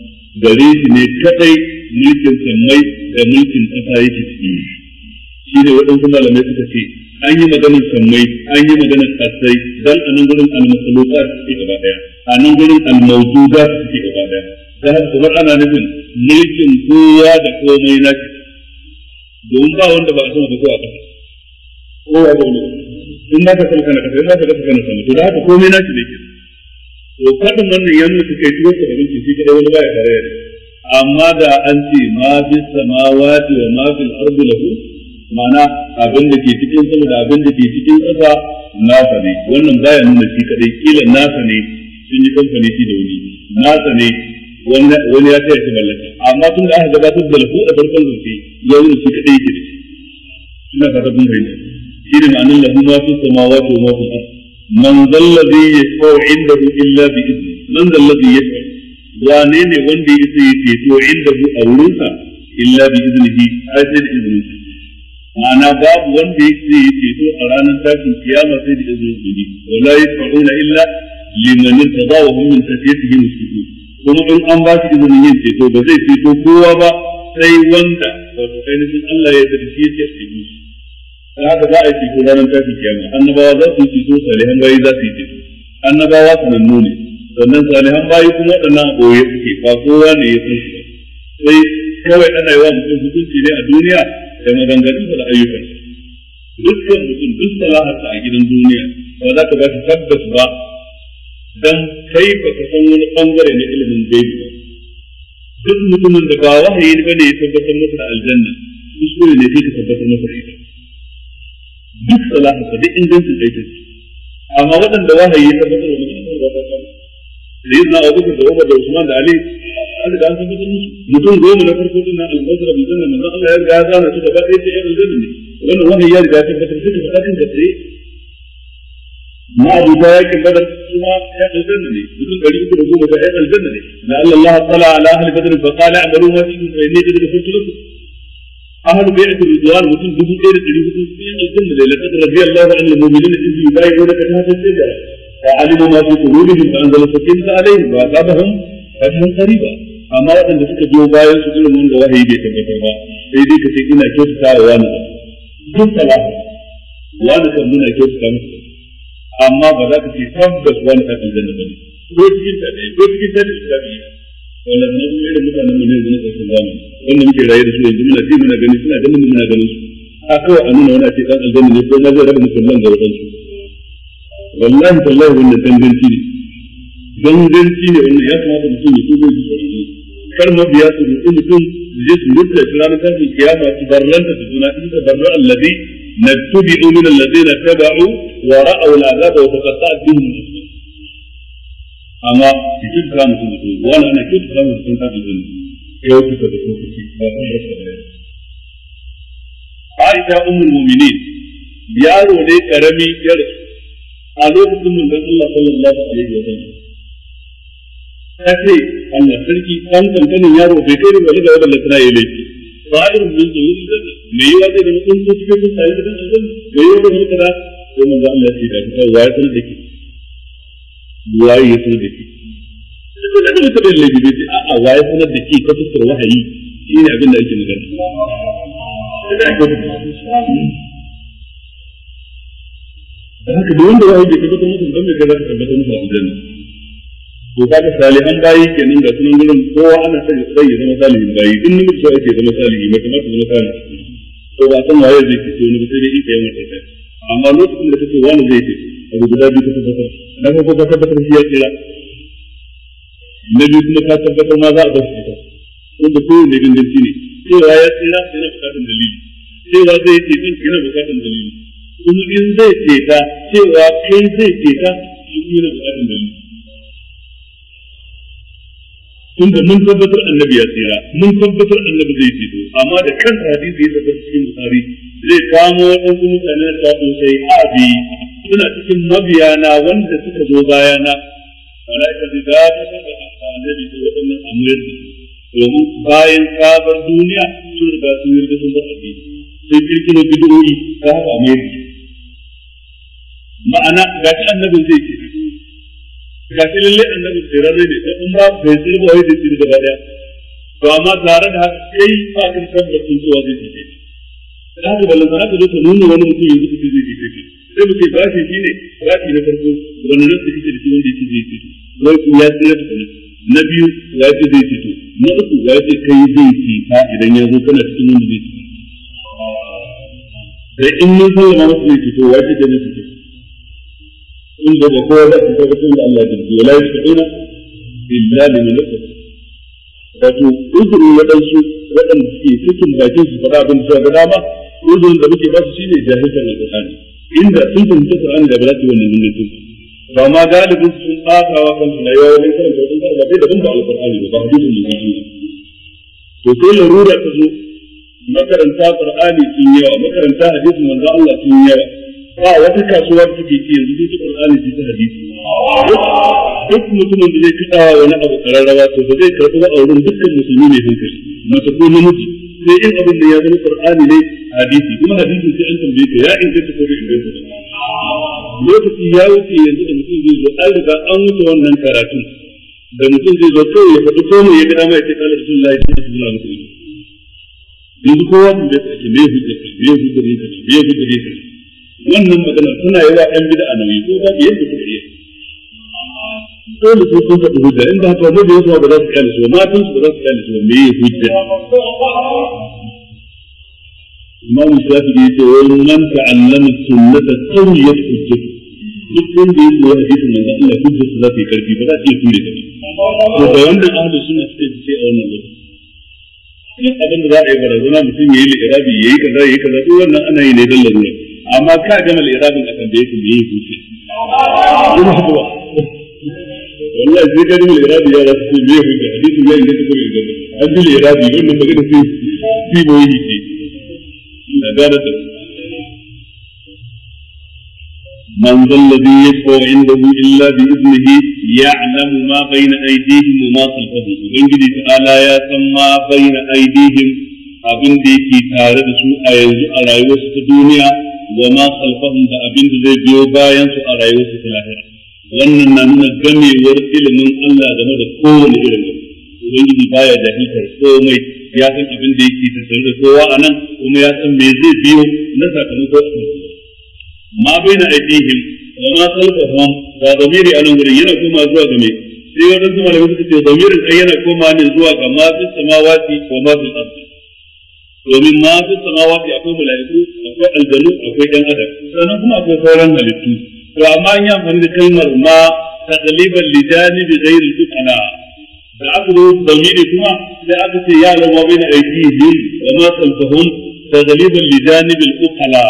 gare shi ne kadai mulkin sammai da mulkin ƙasa yake ciki shi ne waɗansu malamai suka ce an yi maganin sammai an yi maganin kasai dan a nan gurin masluqa ce gaba daya a nan gurin almawjudat ce gaba daya dan kuma ana nufin mulkin kowa da komai na shi domin ba wanda ba a sama a kowa ko ya da ne in na ka san kana kasa in na ka san kana sama to da haka komai na shi ne ke to fadin wannan ya nuna suka yi tuwon sa abinci shi kadai wani baya tare da amma da an ce ma fi samawati wa ma fil ardi lahu ma'ana abin da ke cikin sama da abin da ke cikin ƙasa nasa ne wannan baya nuna shi kadai kila nasa ne sun yi kamfani shi da wani nasa ne wani ya taya shi mallaka amma tun da aka gabatar da lafu a farkon zurfi ya wuri shi kadai yake da shi ina fata kun fahimta shi ne ma'anin lafu ma sun sama wato ma fi ardh man zallazi inda ku illa bi idni man zalla zai yi wane ne wanda ya isa ya inda ku a wurinsa illa bi izini ai sai da izini. ma'ana babu wanda ya zai yi ceto a ranar tashin kiyama sai da izinin ubangi wala yasfa'una illa liman irtada wa hum min tafiyatihi mushrikun kuma in an ba shi izinin yin ceto ba zai ceto kowa ba sai wanda ba wato ainihin Allah ya zargi ya ce a yi da haka za a yi ceto ranar tashin kiyama annabawa za su yi ceto salihan bayi za su yi ceto annabawa sanannu ne sannan salihan bayi kuma waɗannan a ɓoye suke ba kowa ne ya san su sai kawai ana yi wa mutum hukunci ne a duniya da maganganunsa da ayyukan dukkan mutum duk salaharsa a gidan duniya ba za ka ba ta tabbas ba dan kai ba ka san wani bangare na ilimin gaibi ba duk mutumin da ba wahayi ba ne ya tabbatar masa da aljanna kuskure ne zai ta tabbatar masa da ita duk ta duk ingancin aikinsa amma waɗanda wahayi ya tabbatar da mutum da ya na abubakar da umar da usman da ali an riga an san mutum mutum goma na farko din nan al-basra bi janna manzo Allah ya riga ya zana su gaba ɗaya sai ya aljanna ne wannan wannan ya riga ya tabbatar shi da fadin da tsaye ma abu da yakin badar kuma ya aljanna ne mutum ɗari uku da goma da ya aljanna ne na Allah Allah tsala ala ahli badr fa qala amalu ma fi fa inni qad ghafartu lakum ahlu bai'ati ridwan mutum dubu ɗaya da ɗari hudu sun yi aljanna ne laqad radiyallahu anil mu'minina idh yubayyi'unaka tahta al-shajara فعلموا ما في قلوبهم فانزل السكينه عليهم واثابهم فتحا قريبا amma waɗanda suka biyo bayan su irin wanda wahayi bai tabbatar ba sai dai ka ce ina kyautata wa wani duk salaha wani kan nuna kyautata musu amma ba za ka ce tabbas wani ta kan zanna bane ko cikin ta ɗaya ko cikin ta ɗaya ta biyu wannan na kuma irin mutanen mu ne zuwa ƙarshen zamani wannan muke raye da su yanzu muna ji muna gani suna ganin muna ganin su a kawai a nuna wani a ce ɗan aljanna ne ko na zai raba musulman ga waɗansu wallahi tallahi wannan danganci ne danganci ne wannan ya kamata mutum ya tuba da sauran kar mabiya su mutu mutum su je su rubuta shi ranar kafin kiyama su barranta su juna in tabarra allazi nattubi'u min allazina taba'u wa ra'aw al'azaba wa taqatta'at bihim amma su kira mutum mutum wani ana kira mutum kafin jini ya wuce da kuma kuci ba ta rasa da yawa Aisha ummul mu'minin yaro ne karami ya rasu a lokacin mun dan Allah sallallahu alaihi wa sallam ta ce Allah sarki kan kankanin yaro bai kai da da wani lantana ya laifi fa'ir mun zo wani da me yawa da da mutum su cikin sai da Allah me yawa da mutum da sai manzo Allah ya ce da kai wa ya san da ke ya san da ke sai da mutum da laifi bai ce a waye wa ya da ke ka fuskar wahayi shine abin da ake magana da haka da wanda wahayi bai ka fuskar mutum dan me ka mutum to kaga salihan bayi kenan ga sunan gurin kowa ana son ya sai ya zama salihin bayi in namiji so ake zama salihi bai kamata zama salihi to ba san waye zai kiso ne sai dai in kai ta kai amma lokacin da kake wani zai ce abu guda biyu ka tabbatar na ko ka tabbatar shi ya tsira na biyu kuma ka tabbatar ma za a bar shi ta wanda ko ne ganganci ne cewa ya tsira na bukatar dalili cewa zai ce kan yana bukatar dalili kuma in zai ce ta cewa kai zai ce ta shi yana bukatar dalili tunda mun tabbatar annabi ya tsira mun tabbatar annabi zai ceto amma da kan hadisi ya tabbata cikin bukari zai kamo waɗansu mutane da sabo sai abi suna cikin mabiyana wanda suka zo bayana malaika zai dakatar da annabi da waɗannan amuyar domin bayan kabar duniya sun riga sun da sun bar addini sai kirkiro bid'o'i ta haka mai ma'ana ga ta annabin zai ce ga shi lalle annabi sirarre ne da kuma bai tsira ba wai da shi gaba daya to amma tare da haka kai ba ka san da sun zuwa zai dide da haka ballan sana ka zo ka nuna wani mutum yanzu ka zai dide ka sai mu ce ba shi shi ne ba shi na farko wani nan da kike da shi wanda yake zai dide wai ku ya tsira da kuma na biyu ya ce zai dide na uku ya ce kai zai dide idan ya zo kana cikin wanda zai dide da in mun sallama zai dide ya ce zai dide sun da ko da su ta cikin da Allah jirgi wala su ina illa da ne lokaci wato uzuri ya dan su wadanda suke cikin bakin su fara abin da dama uzurin da muke ba su shine jahilcin alqur'ani inda sun tunta qur'ani da balati wannan dindin ba ma galibin sun tsaka wa kansu na yau ne kan da sun ba da bunda alqur'ani ba hadisin da shi to sai larura ta zo makaranta qur'ani sun yawa makaranta hadisin manzo Allah sun yawa ba wata kasuwa da take ci yanzu ta Qur'ani ce hadisi duk mutumin da zai kada wani abu kararrawa to ba zai karɓi ba a wurin dukkan musulmi mai hankali mace ko namiji sai in abin da ya zama Qur'ani ne hadisi kuma hadisi sai an tambaye ka ya inganta ko bai inganta lokaci ya wuce yanzu da mutum zai zo an riga an wuce wannan karatun da mutum zai zo kawai ya faɗi komai ya ga dama ya ce kala rasulullahi sallallahu alaihi wasallam yanzu kowa mun da ake me hujjar me hujjar ne me hujjar ne wannan magana suna yi wa ɗan bida a nauyi ko ba yadda suka yi dole sai sun faɗi hujja inda haka wajen da yasa ba za su kyale su ba matan su ba za su kyale su ba me ya hujja imamu shafi ya ce nan man allama sunnata qawiyat hujja duk wanda ya koyi hadisin manzo na hujja su za su yi karfi ba za su iya kure ta ba to da wanda ahlu sunna suke ce a wannan lokaci duk abin da za a yi barazana mutum ya yi li'irabi ya yi kaza ya yi kaza duk wannan ana yi ne don larura amma ka gama liradin a tambaye ka meye zuciya kuma haka wallahi sai ka gama liradi ya za su ce meye hujja hadisin ya inganta kuma inganta an ji liradi wannan magana sai siboyi ce na gane ta من ذا الذي يشفع عنده إلا بإذنه يعلم ما بين أيديهم وما خلفهم وبنجد تعالى يا ما بين أيديهم abin da yake tare da su a yanzu a rayuwarsu ta duniya wa ma khalfahum da abin da zai biyo bayan su a rayuwar su lahira wannan na nuna gamewar ilimin Allah game da kowane irin ubangiji baya jahiltar komai ya san abin da yake tattare da kowa a nan kuma ya san me zai biyo na sakamako a kan ma baina aidihim wa ma khalfahum da zamiri a nan gurin yana koma zuwa ga me sai wadansu malamai suka ce zamirin ai yana koma ne zuwa ga ma fi samawati wa ma fi al domin ma fi samawati akwai mala'iku akwai aljanu akwai dan adam sannan kuma akwai sauran halittu to amma an yi amfani da kalmar ma taqliban li bi zai al-qana da aka zo dalili kuma sai aka ce ya lawa bayna aydihim wa ma khalfahum taqliban li janibi al-qala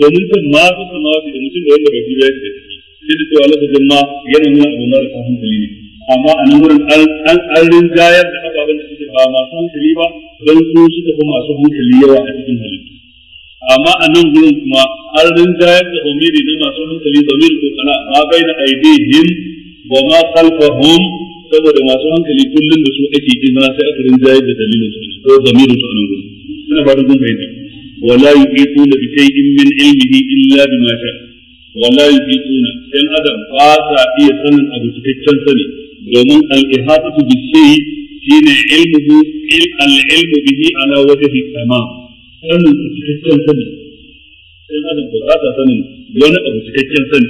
domin kan ma fi samawati da mutum da wanda bai biya shi sai da cewa lafazin ma yana nuna abu mara kan hankali ne amma a nan wurin an rinjayar da ababen da suke ba masu hankali ba don su suka fi masu hankali yawa a cikin halittu amma a nan gurin kuma an rinjayar da umiri na masu hankali domin ko kana ma bai da aidihim ba ma khalfahum saboda masu hankali kullum da su ake izina sai aka rinjayar da dalilin su ko zamirin su a nan gurin ina ba da gun fahimta wala yuqituna bi shay'in min ilmihi illa bima sha'a wala yuqituna dan adam ba sa iya sanin abu cikakken sani domin al-ihatu bi shay'in shine ilmuhu il al-ilmu bihi ala wajhi tamam sanin cikakken sani sai adam ba sanin wani abu cikakken sani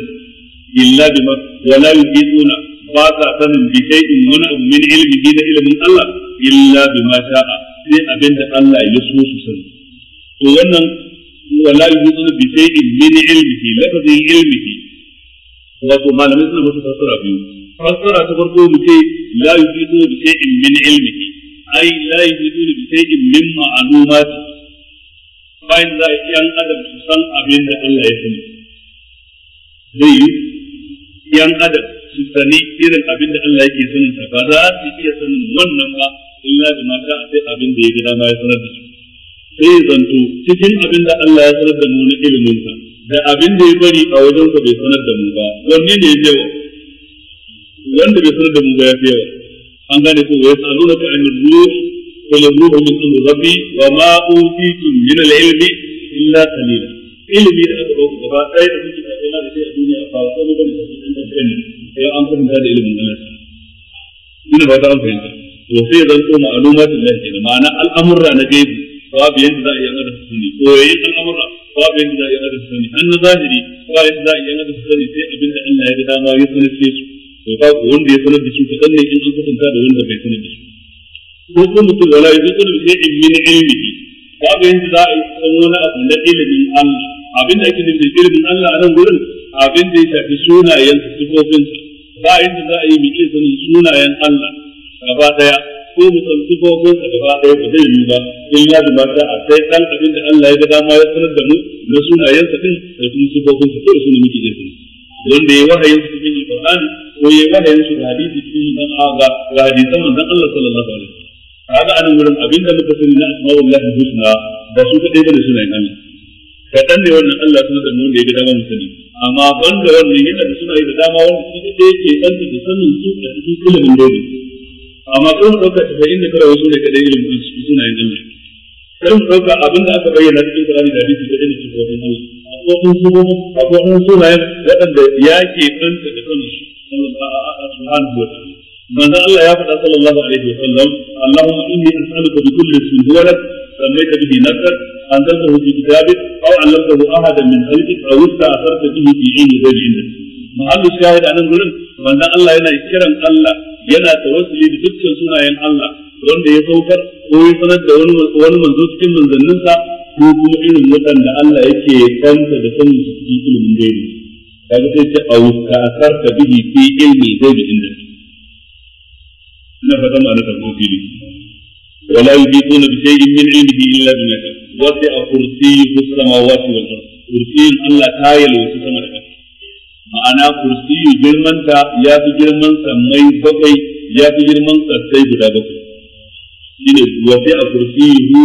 illa bima wala yuqiduna ba ta sanin bi shay'in wani abu min ilmihi da ilmin Allah illa bima sha'a sai abinda Allah ya so su sani to wannan wala yuqiduna bi shay'in min ilmihi lafazin ilmihi wato malamai suna mutu fassara biyu fassara ta farko mu ce la yuhidu bi shay'in min ilmihi ai la yuhidu bi shay'in min ma'lumati bayan za a yan adam su san abin da Allah ya sani zai yi yan adam su sani irin abin da Allah yake sanin ta ba za su iya sanin wannan ba illa da mata sai abin da ya ga dama ya sanar da su sai zanto cikin abin da Allah ya sanar da mu na ilimin sa da abin da ya bari a wajen sa bai sanar da mu ba wanne ne ya jawo wanda bai sanar da mu ba ya fi yawa an gane ko wa yasaluna ka anil ruh qul ruhu min amri rabbi wa ma utitum min al ilmi illa qalila ilmi da aka dauka gaba ɗaya da muke da ina da shi a duniya ba ko ne bane sai dan dan ne sai an fahimta da ilimin Allah ina ba ta an fahimta to sai zan ko ma'lumatin lahi kenan ma'ana al'amurra na gaibi babu yanda za a yi da su ne koyayin al'amurra babu yanda za a yi da su ne an na zahiri ba yanda za a yi da su ne sai abinda Allah ya ga dama ya sanar sai su to ba ku wanda ya sanar da shi kaɗan ne in an kwatanta da wanda bai sanar da shi ko kuma mutum wala ya zuwa da sai ilmi na ilmihi babu za a yi san wani abu na ilimin Allah abin da ake nufi ilimin Allah a nan gurin abin da ya shafi sunayen sifofinsa ba a yanda za a yi mu iya sanin sunayen Allah gaba daya ko mu san sifofinsa gaba daya ba zai yi ba in ya da mata a sai dan abin da Allah ya ga dama ya sanar da mu na sunayensa din da kuma sifofinsa sai su ne muke da wanda ya wahayin su cikin Al-Qur'an ko ya wahayin su da hadisi cikin dan ga da hadisan manzon Allah sallallahu alaihi wasallam kaga anan gurin abinda muka sani na asma'ullahi husna ba su kadai bane suna yin amin kaɗan ne wannan Allah suna da nuna ya ga dama musani amma banda wannan yana da suna yi da dama wannan shi da yake ɗanta da sanin su a cikin ilimin dole amma kan ɗauka tasa'in da kawai su ne kaɗai su suna yin Allah kan ɗauka abinda aka bayyana cikin Qur'ani da hadisi da ne cikin Allah wasu sunan akwai wasu sunayen waɗanda ya ke ɗanta da kan subhanahu wa ta'ala manzo Allah ya faɗa sallallahu alaihi wa sallam Allahumma inni as'aluka bi kulli ismin huwa lak sammaita bihi nafsak anzaltahu fi kitabik aw 'allamtahu ahadan min khalqik aw ista'tharta bihi fi 'ilmi ghaibi 'indak mahallu shahid anan gurin manzo Allah yana kiran Allah yana tawassuli da dukkan sunayen Allah wanda ya saukar ko ya sanar da wani manzo cikin manzanninsa ko kuma irin waɗanda Allah yake kanta da sanin su cikin ilimin gaibi kaga sai ce a wuska a karka bihi fi ilmi gaibi din da na fata ma'ana ta fili. wala yubi ko na bishe yin min ilmi bi illa bi mata wasai a kursi kusama wasu wasu kursi yin Allah ta yi lausu sama da kasa ma'ana kursi yi girman ta ya fi girman sa mai bakai ya fi girman sa sai guda bakai shine wasai a kursi yi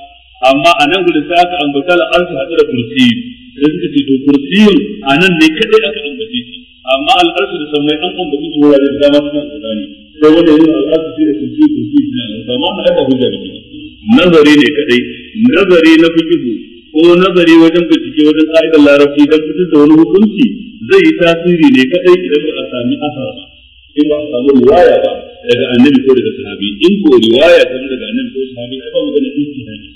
amma a nan gudun sai aka ambata an su haɗu da kursiyin da suka ce to kursiyin a nan ne kadai aka ambace shi amma al'arsu da sammai an ambace su wurare da dama suna alƙurani sai wanda yin al'arsu shi da kursiyi kursiyi suna alƙurani amma ana ɗaga hujja da nazari ne kadai. nazari na fikihu ko nazari wajen bincike wajen ƙa'idar larabci don fitar da wani hukunci zai yi tasiri ne kadai idan ba a sami asara ba in ba a samu riwaya ba daga annabi ko daga sahabi in ko riwaya ta daga annabi ko sahabi ai ba magana ijtihadi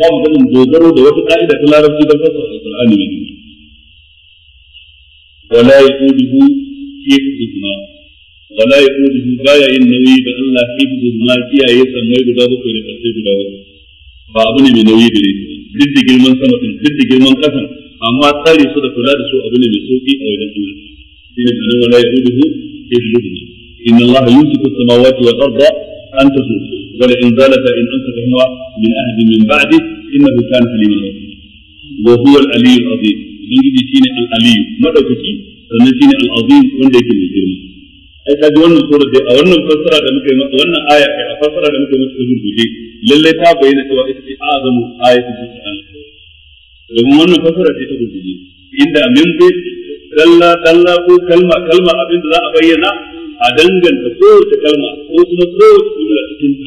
ba mu ganin dogaro da wata ka'ida ta larabci don fasara alqur'ani ne wala yaquduhu fi hifdhihima wala yaquduhu baya yin nauyi da Allah hifdhihima kiyaye sammai guda bakwai da ƙarfi guda bakwai ba abu ne mai nauyi da ne duk da girman sama din duk da girman kasan amma tsari su da kula da su abu ne mai sauƙi a wajen Allah shi ne tsanin wala yaquduhu fi hifdhihima inna Allah yumsiku as-samawati wal arda an tazulu ولئن زالت إن أنصر هو من أحد من بعدي إنه كان حليما غفورا وهو العلي العظيم ubangiji shine al-aliyu madaukaki sannan shine al-azim wanda yake mai girma ai kaji wannan sura dai a wannan fassara da muka yi masa wannan aya kai a fassara da muka yi masa rubuce lalle ta bayyana cewa ita ce azamu ayatu fi al domin wannan fassara ce ta rubuce inda min bi dalla dalla ko kalma kalma abin da za a bayyana a danganta kowace kalma ko kuma kowace sura cikin ta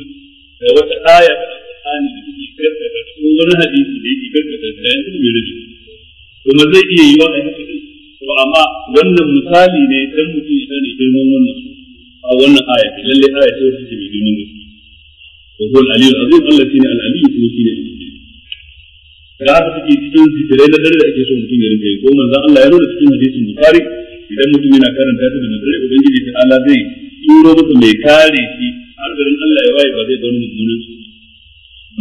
da wata aya ta alƙur'ani da ke karkata ko wani hadisi da yake karkata ta yanzu bai rufe kuma zai iya yi wa a haka din to amma wannan misali ne dan mutum ya sani girman wannan a wannan aya ta lalle aya ta wata ce mai girman gaske wa huwa al-aliyyul azim Allah shine al-aliyyu kuma shine al-azim da haka suke cikin zikirai na dare da ake so mutum ya rinka yi ko manzon Allah ya nuna cikin hadisin Bukhari idan mutum yana karanta ta da dare ubangiji ta Allah zai turo masa mai kare shi har garin Allah ya waye ba zai zaune mummunan su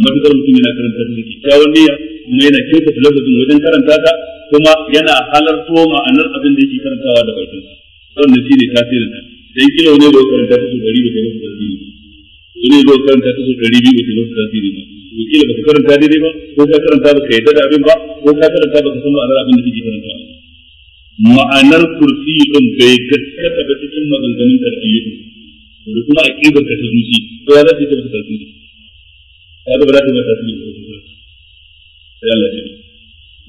matukar mutum yana karanta ta wani ya kuma yana kyauta talabijin wajen karanta ta kuma yana halarto ma'anar abin da yake karantawa da bakin sa wannan ne tasirin ta dan kila ne da karanta ta su dari ba ta masa tasiri ne da karanta ta su dari biyu ba ta masa tasiri ba to kila baka karanta daidai ba ko ka karanta baka yadda da abin ba ko ka karanta baka san ma'anar abin da kake karanta ma'anar kursi ɗin bai gaskata ba cikin maganganun karfi da kuma a kirgar ka ta dushi to ya zai ta ta ta dushi ya zai ta ta ta dushi ya zai ta ta ta dushi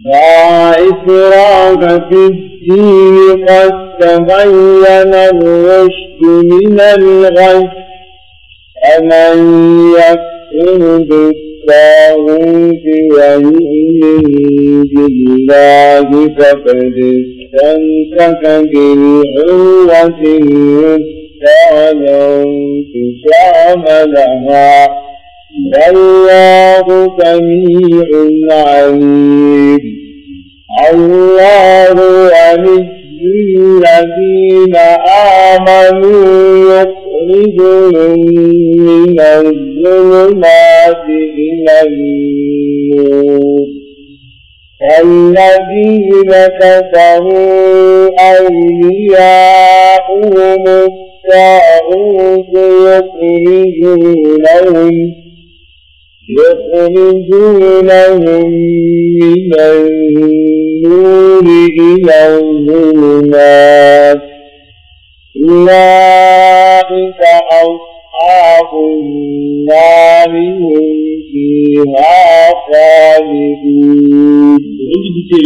ba isra ga fiti ka tabayyana rushu minan gai أمن يكفر بالطاغوت ويؤمن بالله فقد استمسك بالعروة الوثقى ولا انفصام لها والله سميع عليم الله ولي الذين آمنوا يخرجهم من الظلمات إلى النور والذين كفروا أولياؤهم الطاغوت يخرجونهم يخرجونهم من النور إلى الظلمات أولئك أصحاب النار هم فيها خالدين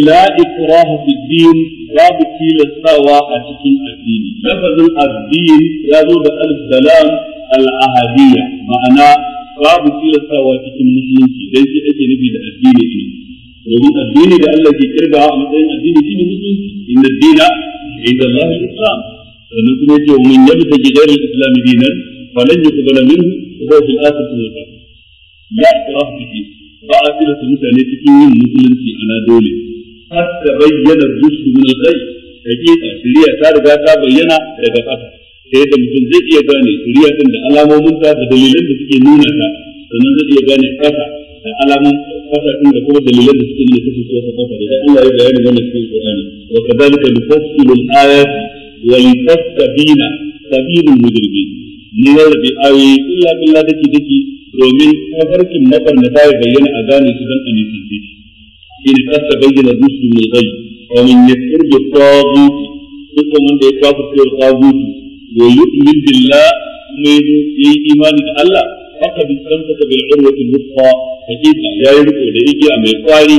لا إكراه في الدين لا بكي لساوى أتكين الدين لفظ الدين لا زود ألف سلام الأهدية معنى باب في لساوى أتكين مسلم في ذلك أتي نبي الدين ومن الدين لألا في كربة الدين في مسلم إن الدين عند الله الإسلام فنقول ومن يبتج غير الإسلام دينا فلن يقبل منه وهو في الآخرة لا إكراه في الدين ba a tilasta mutane cikin yin musulunci a na dole har ta bayyana rusul min al-ghayb hakika shari'a ta riga ta bayyana daga ƙasa ta yadda mutum zai iya gane shari'a din da alamomin ta da dalilan da suke nuna ta sannan zai iya gane ƙasa da alamun ƙasa din da kuma dalilan da suke nuna ta su wata ƙasa da Allah ya bayani wannan cikin Qur'ani wa kadhalika nufassilu al-ayati wa litastabina sabilul mujrimin ni rarrabe ayoyi illa billahi dake dake domin kafarkin mabarnata ya bayyana a gane su don a nisance shi in kasta bayyana rusul mai gai wa min yakfur bi taghut dukkan wanda ya kafirce da taghut wa yu'min billah kuma mai yi imani da Allah haka bi tsantsaka bil urwati wuthqa hakika ya yi riko da a mai kwari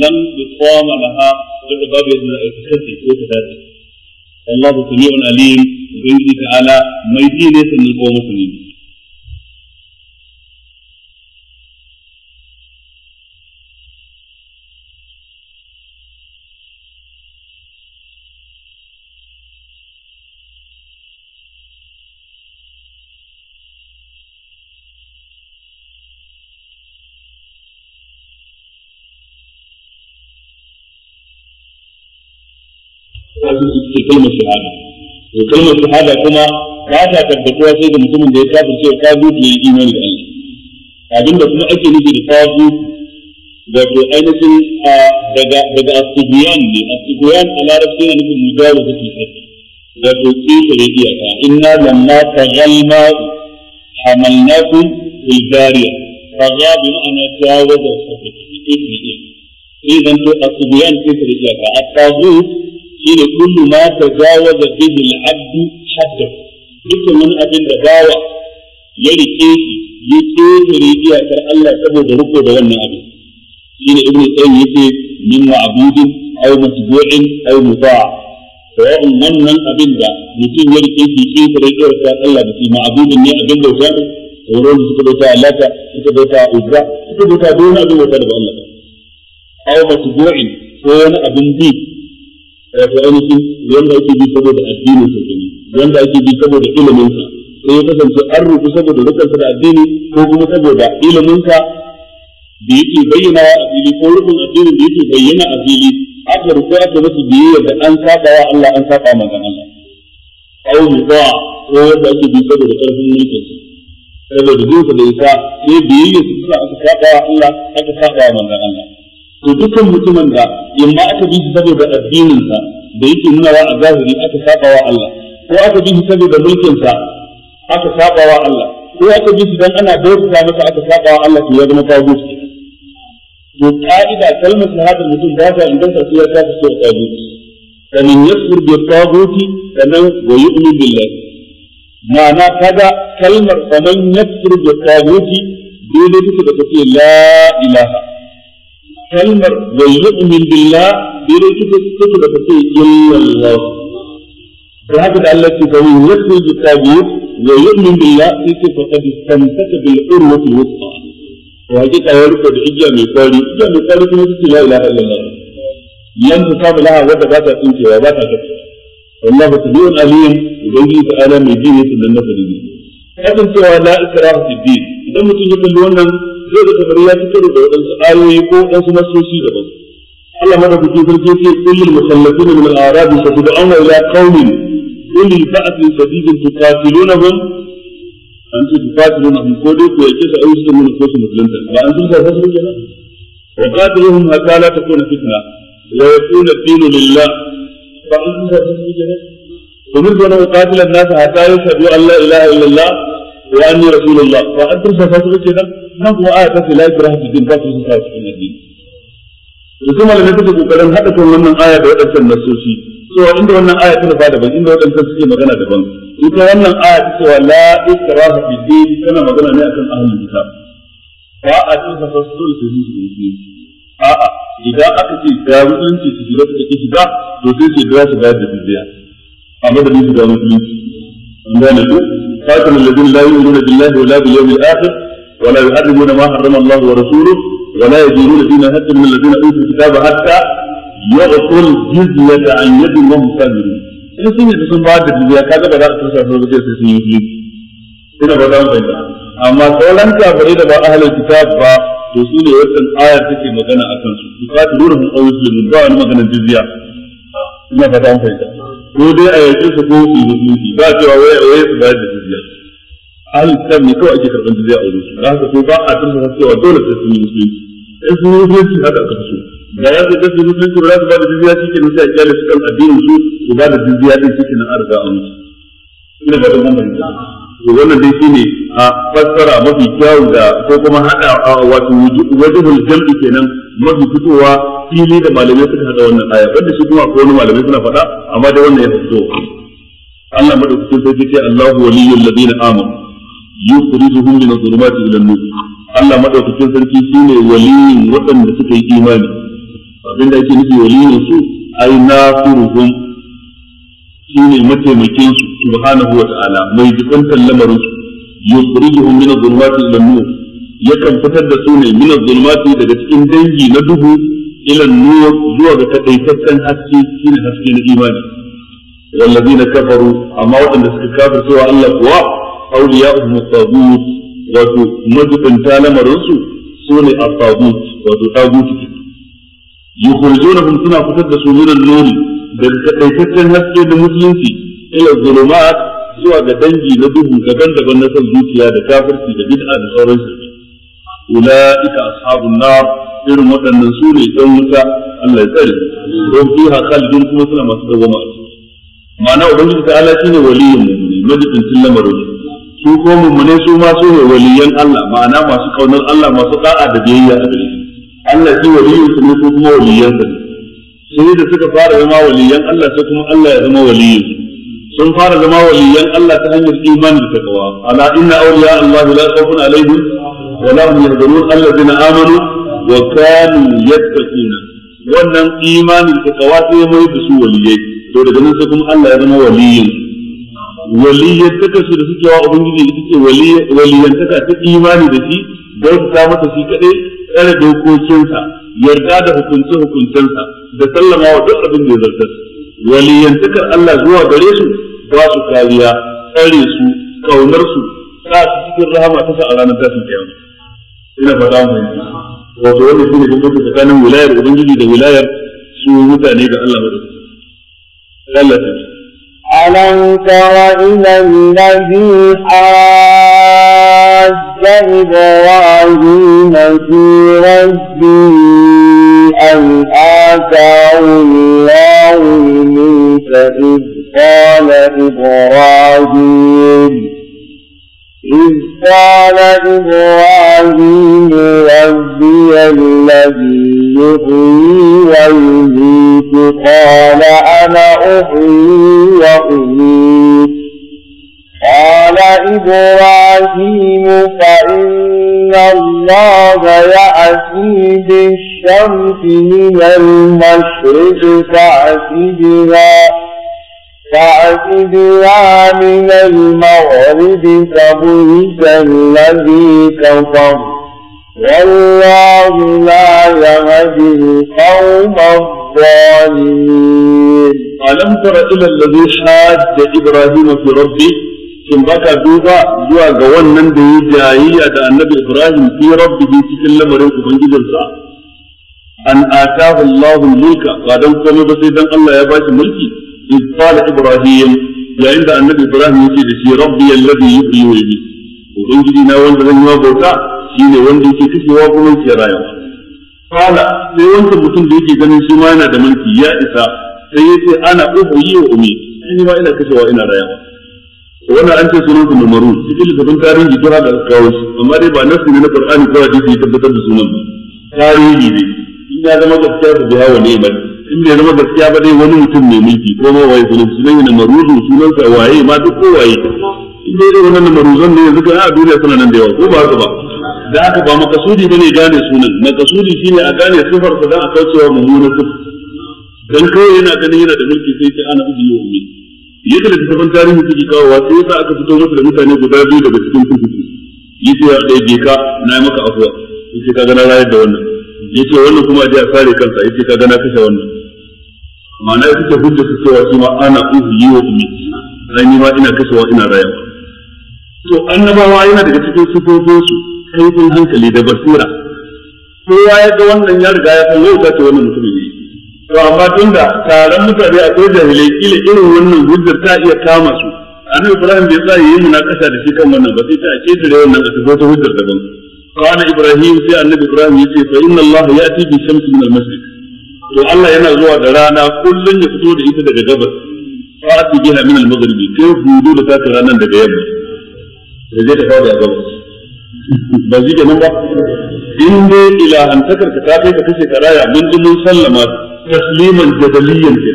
nan lan na ha da babu yadda za a kace ko ta dace Allah sami'un alim ubangiji ta'ala mai ji ne sannan ko musulmi kalmar shahada to kalmar shahada kuma ba ta tabbatuwa sai da mutumin da ya kafirce ya kafirce ya yi imani da Allah abinda kuma ake nufi da kafirce wato ainihin daga daga asibiyan ne asibiyan a larabci ne nufin mujaru da ke kai wato ƙetare iyaka inna lamma tagalma hamalnaku fil bariya kaga bi ma'ana jawaza sabbi ƙetare iyaka sai zan to asibiyan ƙetare iyaka a tagut shine kullu ma tajawaza bihi al-abdu hadda dukkan wani abin da bawa ya rike shi ya a iyakar Allah saboda riko da wannan abin shine ibn qayyim yace min ma'budin aw matbu'in aw muta'a sawa'un wannan abin da mutum ya rike shi a iyakar Allah da shi ma'budin ne abin bauta ne sauran suka bauta lata suka bauta uzza suka bauta dole abin bauta da Allah aw matbu'in ko wani abin bi wato ainihin wanda ake bi saboda addinin sa kenan wanda ake bi saboda ilimin sa sai ya kasance an rubu saboda rukunsa da addini ko kuma saboda ilimin sa da yake bayyana a fili ko rukun addini da yake bayyana a fili aka rubu aka masa biyayya da an saba wa Allah an saba manzon Allah aw mutaa ko wanda ake bi saboda karfin mulkin sa saboda duka da ita sai biyayya su suna aka saba wa Allah aka saba manzon Allah to dukkan mutumin da in ba aka bi shi saboda addininsa da yake nuna wa a zahiri aka saba wa Allah ko aka bi shi saboda mulkinsa aka saba wa Allah ko aka bi shi dan ana bauta masa aka saba wa Allah to ya zama tagut to ka'ida kalmar shahadar mutum ba ta inganta sai ya kafa sai tagut kamin yasbur bi taguti sanan wa yu'min billah ma'ana kaga kalmar faman yasbur bi taguti dole take da kace la ilaha kalmar wal yu'min billah dire kike kike da kace illallah da haka da Allah ke gani yakul bi tabiyyah wa yu'min billah yake faqad istamsaka bil urwati wuthqa wa hakika ya rufe da igiya mai kwari igiya mai kwari kuma take la ilaha illallah lan tusabu laha wadda ba ta tsinkewa ba ta kafa Allah ba tabiyyun alim ubangiji ta ala mai dini sunan nasari ne kasancewa la ikraha fi din idan mutum ya kalli wannan zai da kamar ya fi karo da waɗansu ayoyi ko waɗansu nasoshi da wasu Allah mana kuke sarki ce kullum musallafin min al-arab sabidu an wa ila qaumin ulil ba'thin sadidin tuqatilunahum an ce tuqatilunahum ko dai ku yake su ayyuka min ko su musulunta ba an sun sa su kenan wa qatiluhum hatta la takuna fitna wa yakuna ad-dinu lillah ba an sun sa su kenan ومن دون قاتل الناس حتى يشهدوا ان لا اله الا الله ya annu rasulullah ba an tursa ta nan kuma aya ta ce la ikraha fi din su sa cikin addini da kuma malamai suka kokarin hada kan wannan aya da wadannan nasoshi cewa inda wannan aya ta nufa daban inda wadannan suke magana daban ita wannan aya ta cewa la ikraha fi din tana magana ne akan ahlul kitab ba a tursa ta su dole su yi a'a aka ce su su a musulunci نقول خاتم الذين لا يؤمنون بالله ولا باليوم الاخر ولا يحرمون ما حرم الله ورسوله ولا يدينون دين حتى من الذين اوتوا الكتاب حتى يغفل جزية عن يد وهم كاملون. إذا سمعت تسمى بعد الجزية كذا بدأت تشعر في الجزية تسمى يفيد. إذا بدأت تسمى أما قولا كافر إذا بقى أهل الكتاب با وصولي ويسن آية تكي مغنى أكنسو. يقاتلونهم أو يسلمون بقى أنه مغنى الجزية. إذا بدأت تسمى ko dai a yaƙe su ko su yi mutunci ba cewa wai a waye su bayar da jizya ahalin kitab ne kawai ake karɓar jizya a wurin su da haka ko ba a tunsa cewa dole sai su yi mutunci in sun yi mutunci haka aka fi so da ya ce kasu mutunci ba za su ba da jizya shi ke nan sai a kyale su kan addinin su su ba da jizya din shi ke nan a riga a mutu ina ga da wannan to wannan dai shine a fassara mafi kyau da ko kuma hada wato wajibul jam'i kenan mafi fitowa fili da malamai suka hada wannan aya wanda shi kuma akwai wani malamai suna faɗa amma dai wannan ya fito Allah madaukakin sarki ce Allahu waliyul ladina amanu yukhrijuhum min adh-dhulumati ila an-nur Allah madaukakin sarki shine waliyin waɗanda suka yi imani abinda yake nufi waliyin su ai nasiruhum shine mataimakin su subhanahu wa ta'ala mai jibantar lamarin su yukhrijuhum min adh-dhulumati ila an-nur yakan fitar da su ne min adh-dhulumati daga cikin dangi na duhu الى النور زوى بتكيفتن اسكي كين اسكي الايمان الذين كفروا اما وقت انت كافر سوى الله كوا اولياء الطاغوت وذو مدق تالا مرسو سوني الطاغوت وذو طاغوت يخرجونهم سنة فتد سنور النور بتكيفتن اسكي المسلم في الى الظلمات سوى بدنجي لدهم كبندا بنسى الزوتيا دكافر في بدعة بخورنسك أولئك أصحاب النار irin waɗannan su ne ɗan wuta Allah ya tsare ko fiha khalidun kuma suna masu dawama a ma'ana ubangiji ta Allah shine waliyin mu'mini majibincin lamarin su ko mummune su ma su ne waliyan Allah ma'ana masu kaunar Allah masu da'a da biyayya a gare Allah shi waliyin su ne ko kuma waliyan sa sai da suka fara zama waliyan Allah sai kuma Allah ya zama waliyin sun fara zama waliyan Allah ta hanyar imani da takawa ala inna awliya Allah la khawfun alaihim wa la hum yahzanun alladhina amanu wa kanu yattaquna wannan imanin da kawa ya mai da su waliyai to daga nan sai kuma Allah ya zama waliyin ta kashi da suke wa ubangiji ita ce waliyyantaka ta imani da shi ta mata shi kadai tsare dokokinsa yarda da hukunce hukuncensa da sallama wa duk abin da ya zartar waliyantakar Allah zuwa gare su ba su kariya tsare su kaunar su sa su cikin rahama ta sa a ranar tashin kiyama ina faɗa mu yanzu wato wannan shine bambanci tsakanin wilayar ubangiji da wilayar su mutane ga Allah madaukakin Allah ta ألم تر إلى الذي حاج إبراهيم في ربه أن آتاه الله الملك إذ قال إبراهيم إذ قال إبراهيم ربي الذي يحيي ويميت قال أنا أحيي وأميت قال إبراهيم فإن الله يأتي بالشمس من المشرق فأتي بها فأتبها من المغرب فبهت الذي كفر والله لا يهدي القوم الظالمين ألم تر إلى الذي حاج إبراهيم في ربه in baka duba zuwa ga wannan da ya jayayya da annabi Ibrahim fi rabbihi cikin lamarin ubangijinsa an atahu Allahu mulka ba dan komai ba sai dan Allah ya bashi mulki إذ قال إبراهيم عند النبي إبراهيم يقول في ربي الذي يحيي ويميت وبنجي نا وند زن يوا بوتا شيني وند يكي كيف يوا كما يكي رايو قال sai wancan mutum da yake ganin shi ma yana da mulki ya isa sai yace ana ubu yi wa umi ni ma ina kashewa ina rayawa wannan an ce sunan su numaru cikin littafin tarihi to haka kawo shi amma ba nasu ne na qur'ani ko hadisi ya tabbatar da sunan ba tarihi ne in ya zama gaskiya su biya wa ne mai in bai zama gaskiya ba dai wani mutum ne mulki ko ma waye sunan sunan ne maruzu sunan sa waye ma duk ko waye in dai wannan maruzan ne yanzu kan a duniya suna nan da yawa ko ba haka ba da haka ba makasudi bane gane sunan makasudi shine a gane sifar sa dan a kaucewa mummunan sifar dan kawai yana ganin yana da mulki sai ta ana ubi yau ne yadda da tafan tarihi ji kawo sai yasa aka fito masa da mutane guda biyu daga cikin kurkuku yace ya dai je ka na maka afuwa ce ka gana rayar da wannan yace wannan kuma a je a sare kansa yace ka gana kashe wannan ma'ana ita ce hujja ta cewa shi ma ana uhiyi wa ummi ai ni ma ina kashewa ina rayuwa to annabawa yana daga cikin sifofin su kaifin hankali da basira kowa ya ga wannan ya riga ya san yau ta ce wannan mutumin ne to amma tun da taron mutane a akwai jahilai kila irin wannan hujjar ta iya kama su annabi ibrahim bai tsaya yi kasa da shi kan wannan ba sai ta ce tare wannan a tafi ta hujjar daban Ibrahim قال ابراهيم في النبي ابراهيم يقول فان bi ياتي min al-masjid to Allah yana zuwa da rana kullun ya fito da ita daga gabas fa'ati biha min al-maghribi sai hudu da ta tara nan daga yamma da zai ta fada gabar ba zai ke nan ba in dai takar ka ta kai ka kace karaya mun ji mun sallama tasliman jadaliyan ke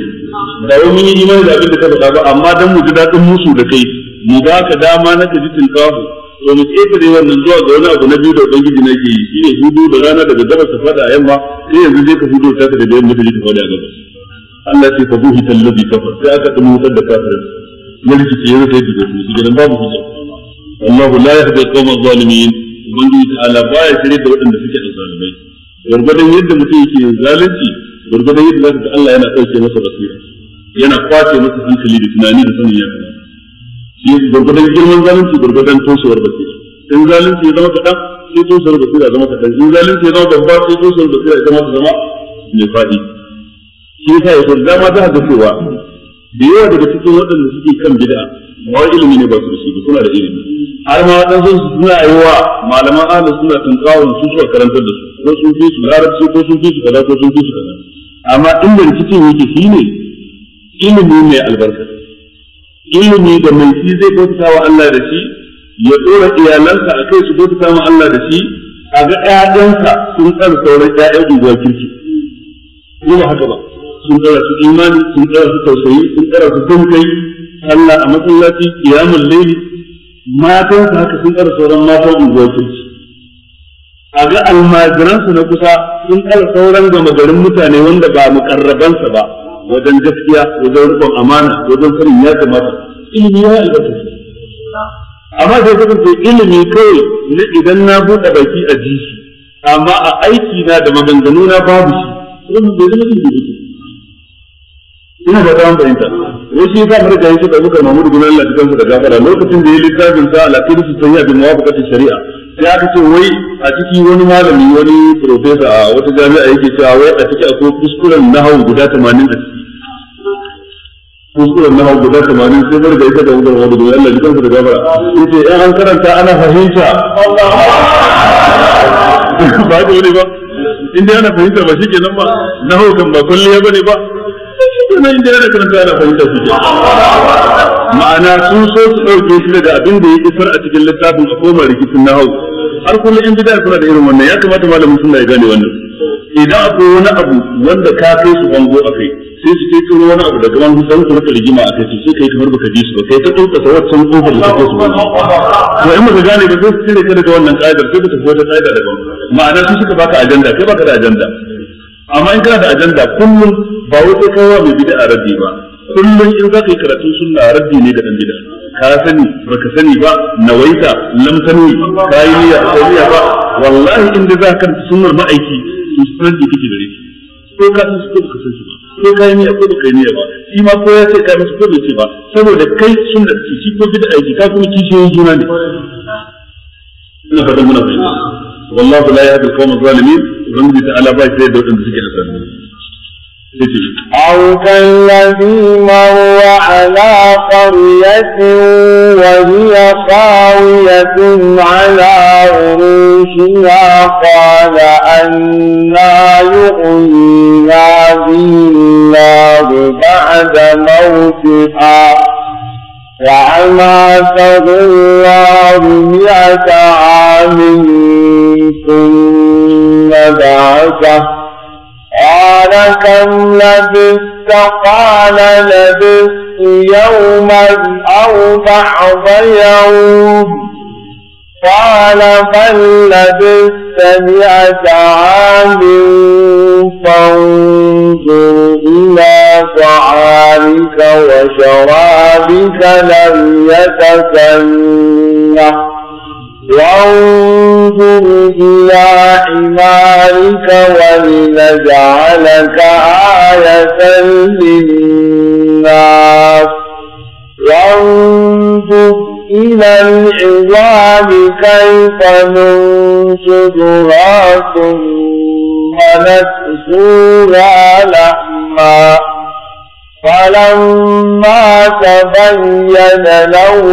da wani mun yi imani da abin da ka faɗa ba amma dan mu ji dadin musu da kai mu ba ka dama na ka ji tinkahu to mu ƙetare wannan zuwa ga wani abu na biyu da ubangiji na ke yi shi ne hudu da rana daga gabas ta fada a yamma sai yanzu zai ka hudu ta ka daga yamma ta je ta fada a gabas Allah ce ka buhi tallabi kafar sai aka ɗin wutar da kafirin mulki ce yanzu sai dubo su gidan babu hujja Allahu la yahdi al-qawma adh-dhalimin ubangiji ta'ala baya shirya da waɗanda suke azzalimai gurgurdan yadda mutum yake zalunci gurgurdan yadda zaka ga Allah yana ɗauke masa basira yana kwace masa hankali da tunani da sanin ya kamata shi gurgudan girman zalunci gurgudan toshewar basira in zalunci ya zama kaɗan sai toshewar basira zama kaɗan in zalunci ya zama babba sai toshewar basira ya zama zama mai faɗi shi yasa ya san dama za a ga cewa da yawa daga cikin waɗanda suke kan bid'a ma wai ilimi ne ba su da shi ba suna da ilimi har ma waɗansu suna yi wa malaman ahlus suna tunkawon su suka karantar da su ko sun fi su larabci ko sun fi su kaza ko sun fi su kaza amma inda rikicin yake ne, ilimi mai albarka ilimi da mai shi zai bauta wa Allah da shi ya dora iyalansa a kai su bauta wa Allah da shi a ga ƴaƴansa sun tsara sauran ƴaƴan unguwa kirki ko ba haka ba sun tsara su imani sun tsara su tausayi sun tsara su tunkai Allah a masallaci kiyamul laili matansa haka sun tsara sauran matan unguwa kirki a ga almajiransu na kusa sun tsara sauran gama garin mutane wanda ba mukarrabansa ba wajen gaskiya wajen rikon amana wajen sanin ya kamata ilimi ya albarka amma sai ka ce ilimi kawai na idan na buɗe baki a ji shi amma a aiki na da maganganu na babu shi wannan bai zama ilimi ina ba ta fahimta wai shi yasa mun gaji da Abubakar Mahmud bin Allah da kansa da gafara lokacin da ya littafin sa al-aqidu sayyi'a bi muwafaqati shari'a sai aka ce wai a ciki wani malami wani profesa a wata jami'a yake cewa wai a ciki akwai kuskuren nahawu guda 80 a ciki kuskuren na guda tamanin sai bar da ita da wutar wadda domin Allah jikan su da gabara yace in eh, an karanta ana fahimta ba ta wani ba in dai ana fahimta ba nan ba na hukan ba ba ne ba shikenan in dai ana karanta ana fahimta ke. ma'ana sun so su ɗauke shi daga abin da ya isar a cikin littafin a koma rikicin na hau har kullum in bid'a suna da irin wannan ya kamata malamin suna ya gane wannan idan akwai wani abu wanda ka kai su bango a kai? sai su kai turo wani abu daga wani sai su rika rigima a kai sai kai kamar baka ji su ba kai ta tsinka sa wancan kofar da kake su ba to in baka gane ba sai su cire ka daga wannan kaidar sai ka tafi wata kaida daban ma'ana su suka baka ajanda kai baka da ajanda amma in kana da ajanda kullum ba wai sai kawo mai bid'a raddi ba kullum in za ka yi karatun sunna raddi ne da dan bid'a ka sani ba ka sani ba nawaita lam tanwi kayi niyya ko niyya ba wallahi inda za ka karanta sunnar ma'aiki su san da kake gare ko ka san su ko ka san su ba ko kai ne ko kai ne ba shi ma ko ya ce kai masa ko bai ce ba saboda kai sunna ce shi ko bid'a ce ka kuma kishiyoyin juna ne ina fatan muna fahimta wallahu la yahdi al-qawma adh ba da wadanda suke da sanin أو كالذي مر على قرية وهي خاوية على عروشها قال أنا يؤمن هذه الله بعد موتها وأماته الله مئة عام ثم بعثه قال كم لبثت قال لبثت يوما أو بعض يوم قال بل لبثت مئة عام فانظر إلى طعامك وشرابك لم يتسنح وانظر إلى حمارك ولنجعلك آية للناس وانظر إلى العظام كيف ننشدها ثم نكسوها لحما فلما تبين له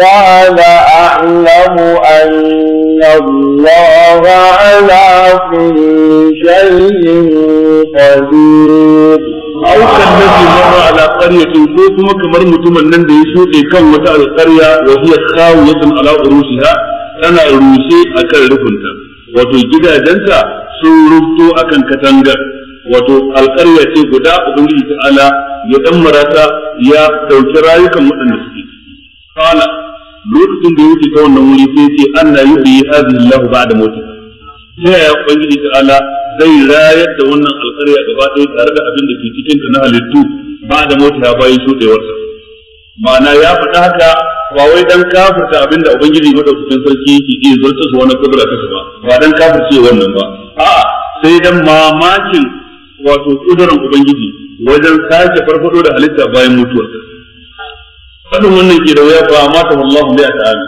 قال أعلم أن الله على كل شيء قدير aukan nafi mara ala ƙaryatin ko kuma kamar mutumin nan da ya shuɗe kan wata alƙarya wa kawo ya tun ala urushiha tana rushe a kan rufinta wato gidajenta sun rufto a katangar wato alƙarya ce guda ubangiji ta ala ya dan marata ya dauki rayukan waɗanda suke kana lokacin da yake ta wannan wuri sai ce ya yuhyi hadhihi Allah ba'da mauti Sai ya ubangiji ta'ala zai rayar da wannan alƙarya gaba ɗaya tare da abin da ke cikin ta na halittu ba da ya ha bayan sa. ma'ana ya faɗa haka ba wai dan kafirta abin da ubangiji madaukakin sarki yake iya zartar wani kudura kasa ba ba dan kafirce wannan ba a'a sai dan mamakin wato kudurin ubangiji wajen sake farfado da halitta bayan mutuwa fadin wannan ke da wuya fa amma ta wallahu bi ta'ala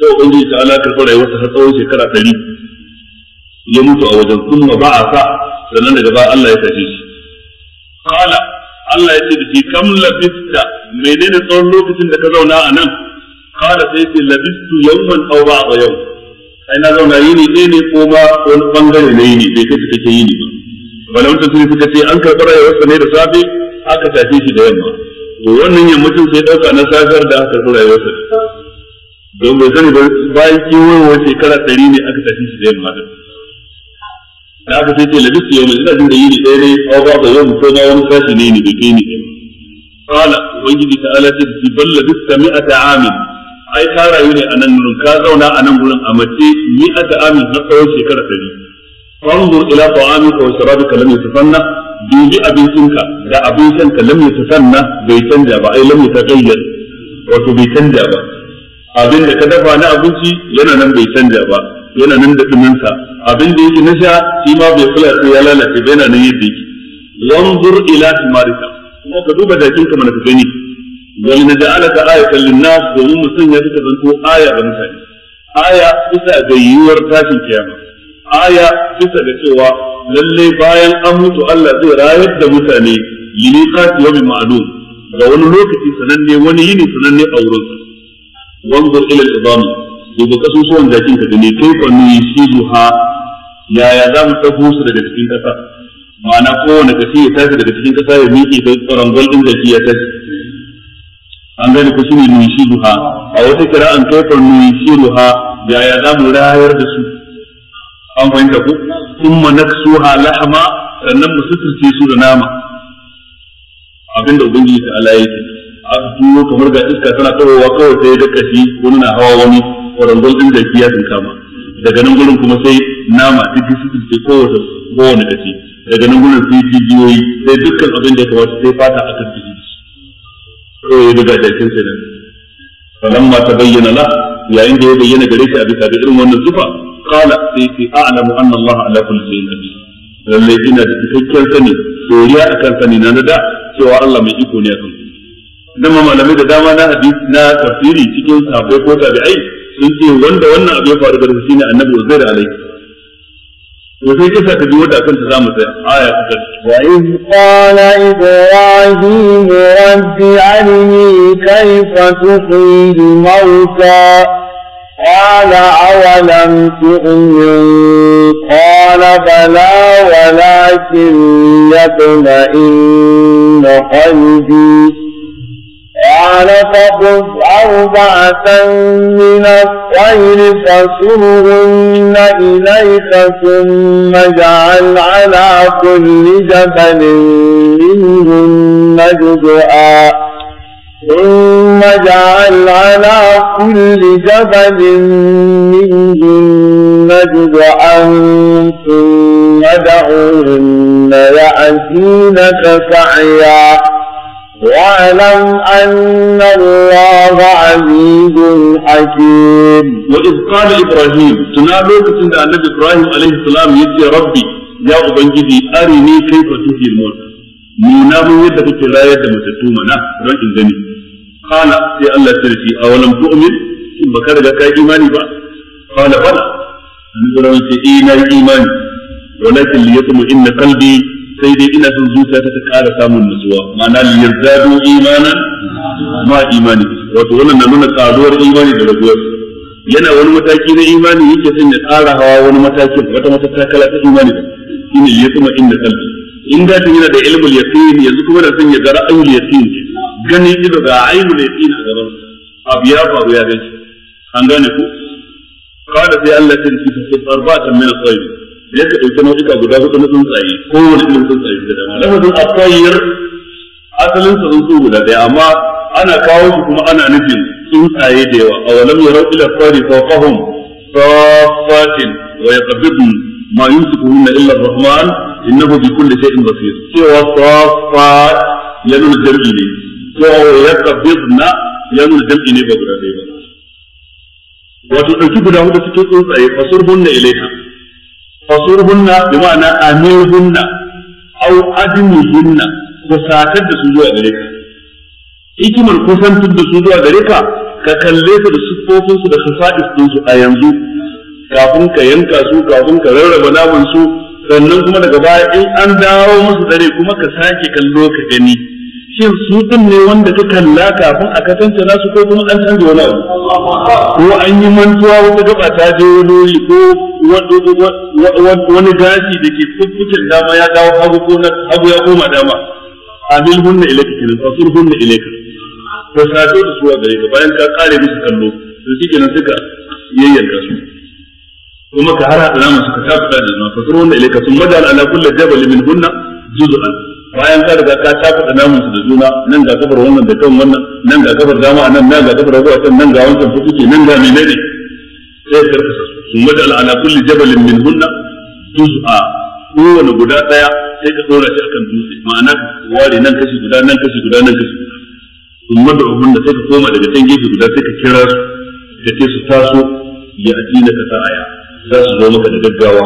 sai ubangiji ta'ala ta fara wata har tsawon shekara 100 ya mutu a wajen kuma ba a sa sannan daga ba Allah ya tashi shi qala Allah ya ce da shi kam labista menene tsawon lokacin da ka zauna a nan qala sai ce labistu yawman aw ba'da yawm ai na zauna yini ɗaya ne ko ba wani bangare na yini bai kace kake yini ba malamin tafsiri suka ce an a yawarsa ne da safe aka tafi shi da yamma to wannan yammacin sai ɗauka na safiyar da aka karɓi yawarsa don bai sani bayan kewayowar shekara ɗari ne aka tafi shi da yamma da aka sai ce labis yau mai ina jin da yini ɗaya ne a ba ga yau ko na wani sashi ne ne bai kai ni kala ubangiji ta ala ce ki mi a ta amin ai ka rayu ne a nan gurin ka zauna a nan gurin a mace ta amin na tsawon shekara ɗari fanzur ila ta'amika wa sharabika lam yatasanna dubi abincinka da abincinka lam yatasanna bai canja ba ai lam yatagayyar wato bai canja ba abin da ka dafa na abinci yana nan bai canja ba yana nan da duminsa abin da yake na sha shi ma bai kula ya lalace ba yana nan yadda yake wanzur ila timarika kuma ka duba dakin ka mana ka gani wal naj'alaka ayatan lin-nas domin mu sanya ka zanto aya ga mutane aya bisa ga yiwuwar tashin kiyama aya bisa da cewa lalle bayan an mutu Allah zai rayar da mutane limiqati wa min ma'lum ga wani lokaci sananne wani yini sananne a wurin sa wanzur ila al-idam kasusuwan jakin ka gani kai fa ni ha, yaya za mu tafi su daga cikin kasa ma'ana kowane kashi ya tashi daga cikin kasa ya miƙe da tsaron gwaldin jaki ya tashi an gane ku shi ne nushiduha a wata kira'an kai fa ha, yaya za mu rayar da su an fahimta ma na su lahma sannan mu suturce su da nama abinda ubangiji ta ala yake a duro kamar ga iska tana kawowa kawai sai da kashi wani na hawa wani kwarangol din da ya sun kama daga nan gurin kuma sai nama cikin suturce kowace kowane kashi daga nan gurin sai jijiyoyi sai dukkan abin da ya kamata sai fata a kan jiki kawai daga jakin sai nan ma ta bayyana la yayin da ya bayyana gare shi a bisa ga irin wannan zufa qala sai fi a'lamu anna Allah ala kulli shay'in qadir lalle ina da cikakken sani doriya akan sani na da cewa Allah mai iko ne akan dama malamai da dama na hadisi na tafsiri cikin sahabbai ko tabi'ai sun ce wanda wannan abu ya وفي كيف تجود أكنت زامت آية وإذ قال إبراهيم رب أرني كيف تحيي الموتى قال أولم تؤمن قال بلى ولكن يطمئن قلبي قال فخذ أربعة من الطير فصرهن إليك ثم اجعل على كل جبل منهن جزءا ثم جعل على كل جبل منهن جزعا ثم دعوهن يأتينك سعيا واعلم أن الله عزيز حكيم وإذ قال إبراهيم تنادوك عند النبي إبراهيم عليه السلام يجي ربي يا أبنجدي أرني كيف تحيي الموتى nuna mun yadda kake rayar da matattu mana don in gani qala sai Allah ya ce a walam tu'min shin baka riga ka imani ba qala bala annabi ran ce eh na yi imani walakin liyatma inna qalbi sai dai ina son zuciya ta ƙara samun nutsuwa ma'ana liyazdadu imanan ma imani wato wannan na nuna karuwar imani da raguwar yana wani mataki na imani yake son ya ƙara hawa wani matakin wata matakala ta imani shine liyatma inna qalbi in da yana da ilmul yaqin yanzu kuma da son ya ga ra'ayul yaqin gani ido ga ainu ne tsina a gaban abu ya faru ya gani an gane ku kada sai Allah ya ce su arba'atan ta al-qayb ya ka dauki nau'ika guda hudu na tsuntsaye ko wani irin tsuntsaye da dama lafazin akwayir asalin sa tsuntsu guda daya amma ana kawo shi kuma ana nufin tsuntsaye da yawa awalam yarau ila tsari fawqahum safatin wa yaqbidun ma yumsikuhunna illa ar-rahman innahu bi kulli shay'in basir cewa safat ya nuna jar'i ne ko ya qabidna yanzu jam'i ne ba guda ɗaya ba wato ɗauki guda hudu cikin tsuntsaye fasurhunna ilaiha fasurhunna bi ma'ana amirhunna au adnihunna ko satar da su zuwa gare ka hikimar kusantar da su zuwa gare ka ka kalle su da siffofin su da khasa'is su a yanzu kafin ka yanka su kafin ka rarraba namansu sannan kuma daga baya in an dawo musu dare kuma ka sake kallo ka gani shin su din ne wanda ka kalla kafin a kasance nasu ko kuma an canza wani ko an yi mantuwa wata gaba ta je wani wuri ko wani gashi da ke fuffucin dama ya dawo hagu ko na hagu ya koma dama amil hunna ilaika kenan tasur hunna ilaika to sato da suwa gare ka bayan ka kare musu kallo to shi kenan suka yayyanka su kuma ka har hara alama suka tafi da juna fasuru hunna ilaika sun madal ala kulli jabal min hunna juz'an bayan ka riga ka tafi namun su da juna nan ga kafar wannan da kan wannan nan ga kafar dama a nan nan ga kafar a can nan ga wancan fuku ke nan ga menene sai ya karkasa su sun wajen ala kulli jabalin min hunna juz'a kowane guda daya sai ka dora shi akan dutse ma'ana ware nan kashi guda nan kashi guda nan kashi guda sun mada hunna sai ka koma daga can gefe guda sai ka kira su ka ce su taso ya addina ka aya za su zo maka da gaggawa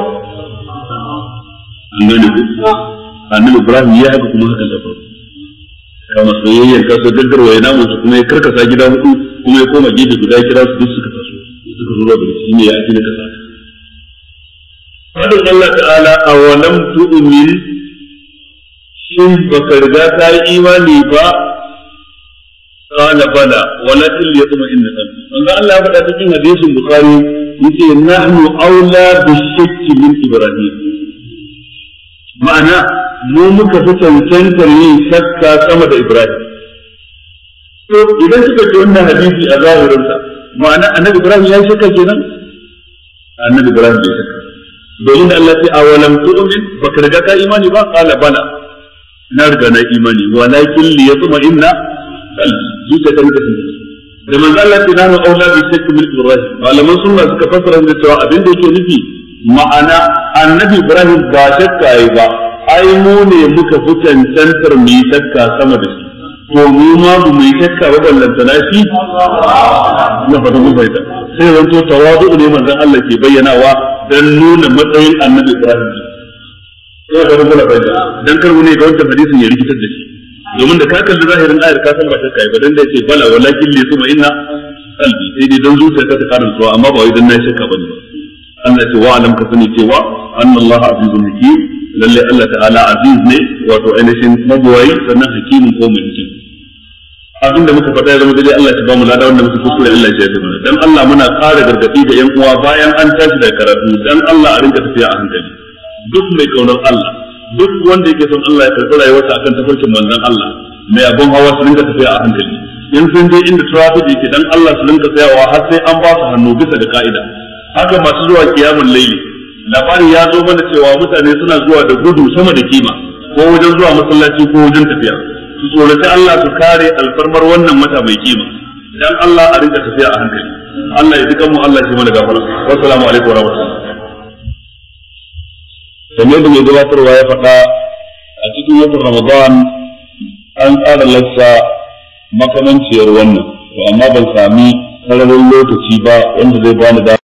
an gane ku annabi ibrahim ya haka kuma haka da faru kama soyayyar kaso gaggarwa ya namu su kuma ya karkasa gida hudu kuma ya koma gefe guda kira su duk suka taso suka zuwa da shi ne ya ake na kasa fadin Allah ta'ala a wannan tu'umin shin baka riga ta yi imani ba قال بلى ولكن ليطمئن قلبي ان الله بدا cikin hadisin bukhari yace nahnu aula bishakki min ibrahim ma'ana mu muka fi cancantar yin shakka sama da Ibrahim to idan suka ce wannan hadisi a zahirinsa ma'ana annabi Ibrahim ya shakka kenan annabi Ibrahim bai shakka domin Allah ce a walam tu'min ka riga ka imani ba qala bala na riga na imani walakin li yatma inna zuciya ta ka tunani da manzo Allah ce nanu aula bi shakki min Ibrahim malaman sunna suka fassara da cewa abin da yake nufi ma'ana annabi Ibrahim ba shakka yayi ba ai mu ne muka fi cancantar mu yi shakka sama da shi to mu ma mu mai shakka ba ballanta na shi na fata mun fahimta sai zanto tawadu ne manzon Allah ke bayyanawa dan nuna matsayin annabi Ibrahim sai ka rubuta fahimta dan karbu ne ga wannan hadisin ya rikitar da shi domin da ka kalli zahirin ayar ka san ba shakka ba dan da yace bala walakin li tuma inna qalbi sai dai dan zuciya ta karin amma ba wai dan na shakka bane Allah ya ce wa alam ka sani cewa annallaha azizun hakim lalle Allah ta'ala aziz ne wato ainihin mabuwayi sannan hakimin ko mai hikima abin da muka faɗa ya zama daidai Allah ya ba mu lada wanda muka kuskure Allah ya ji mana dan Allah muna ƙara gargaɗi ga yan uwa bayan an tashi daga karatu dan Allah a rinka tafiya a hankali duk mai kaunar Allah duk wanda yake son Allah ya karɓi rayuwarsa akan tafarkin manzon Allah mai abin hawa su rinka tafiya a hankali in sun je inda traffic yake dan Allah su rinka tsayawa har sai an ba su hannu bisa da ka'ida haka masu zuwa kiyamun laili labari ya zo mana cewa mutane suna zuwa da gudu sama da kima ko wajen zuwa masallaci ko wajen tafiya su tsoraci Allah su kare alfarmar wannan mata mai kima dan Allah a rinka tafiya a hankali Allah ya ji kanmu Allah shi mana gafara wassalamu alaikum wa rahmatullahi kamar da mai gabatarwa ya faɗa a cikin watan Ramadan an tsara lassa makamanciyar wannan to amma ban sami sararin lokaci ba wanda zai bani da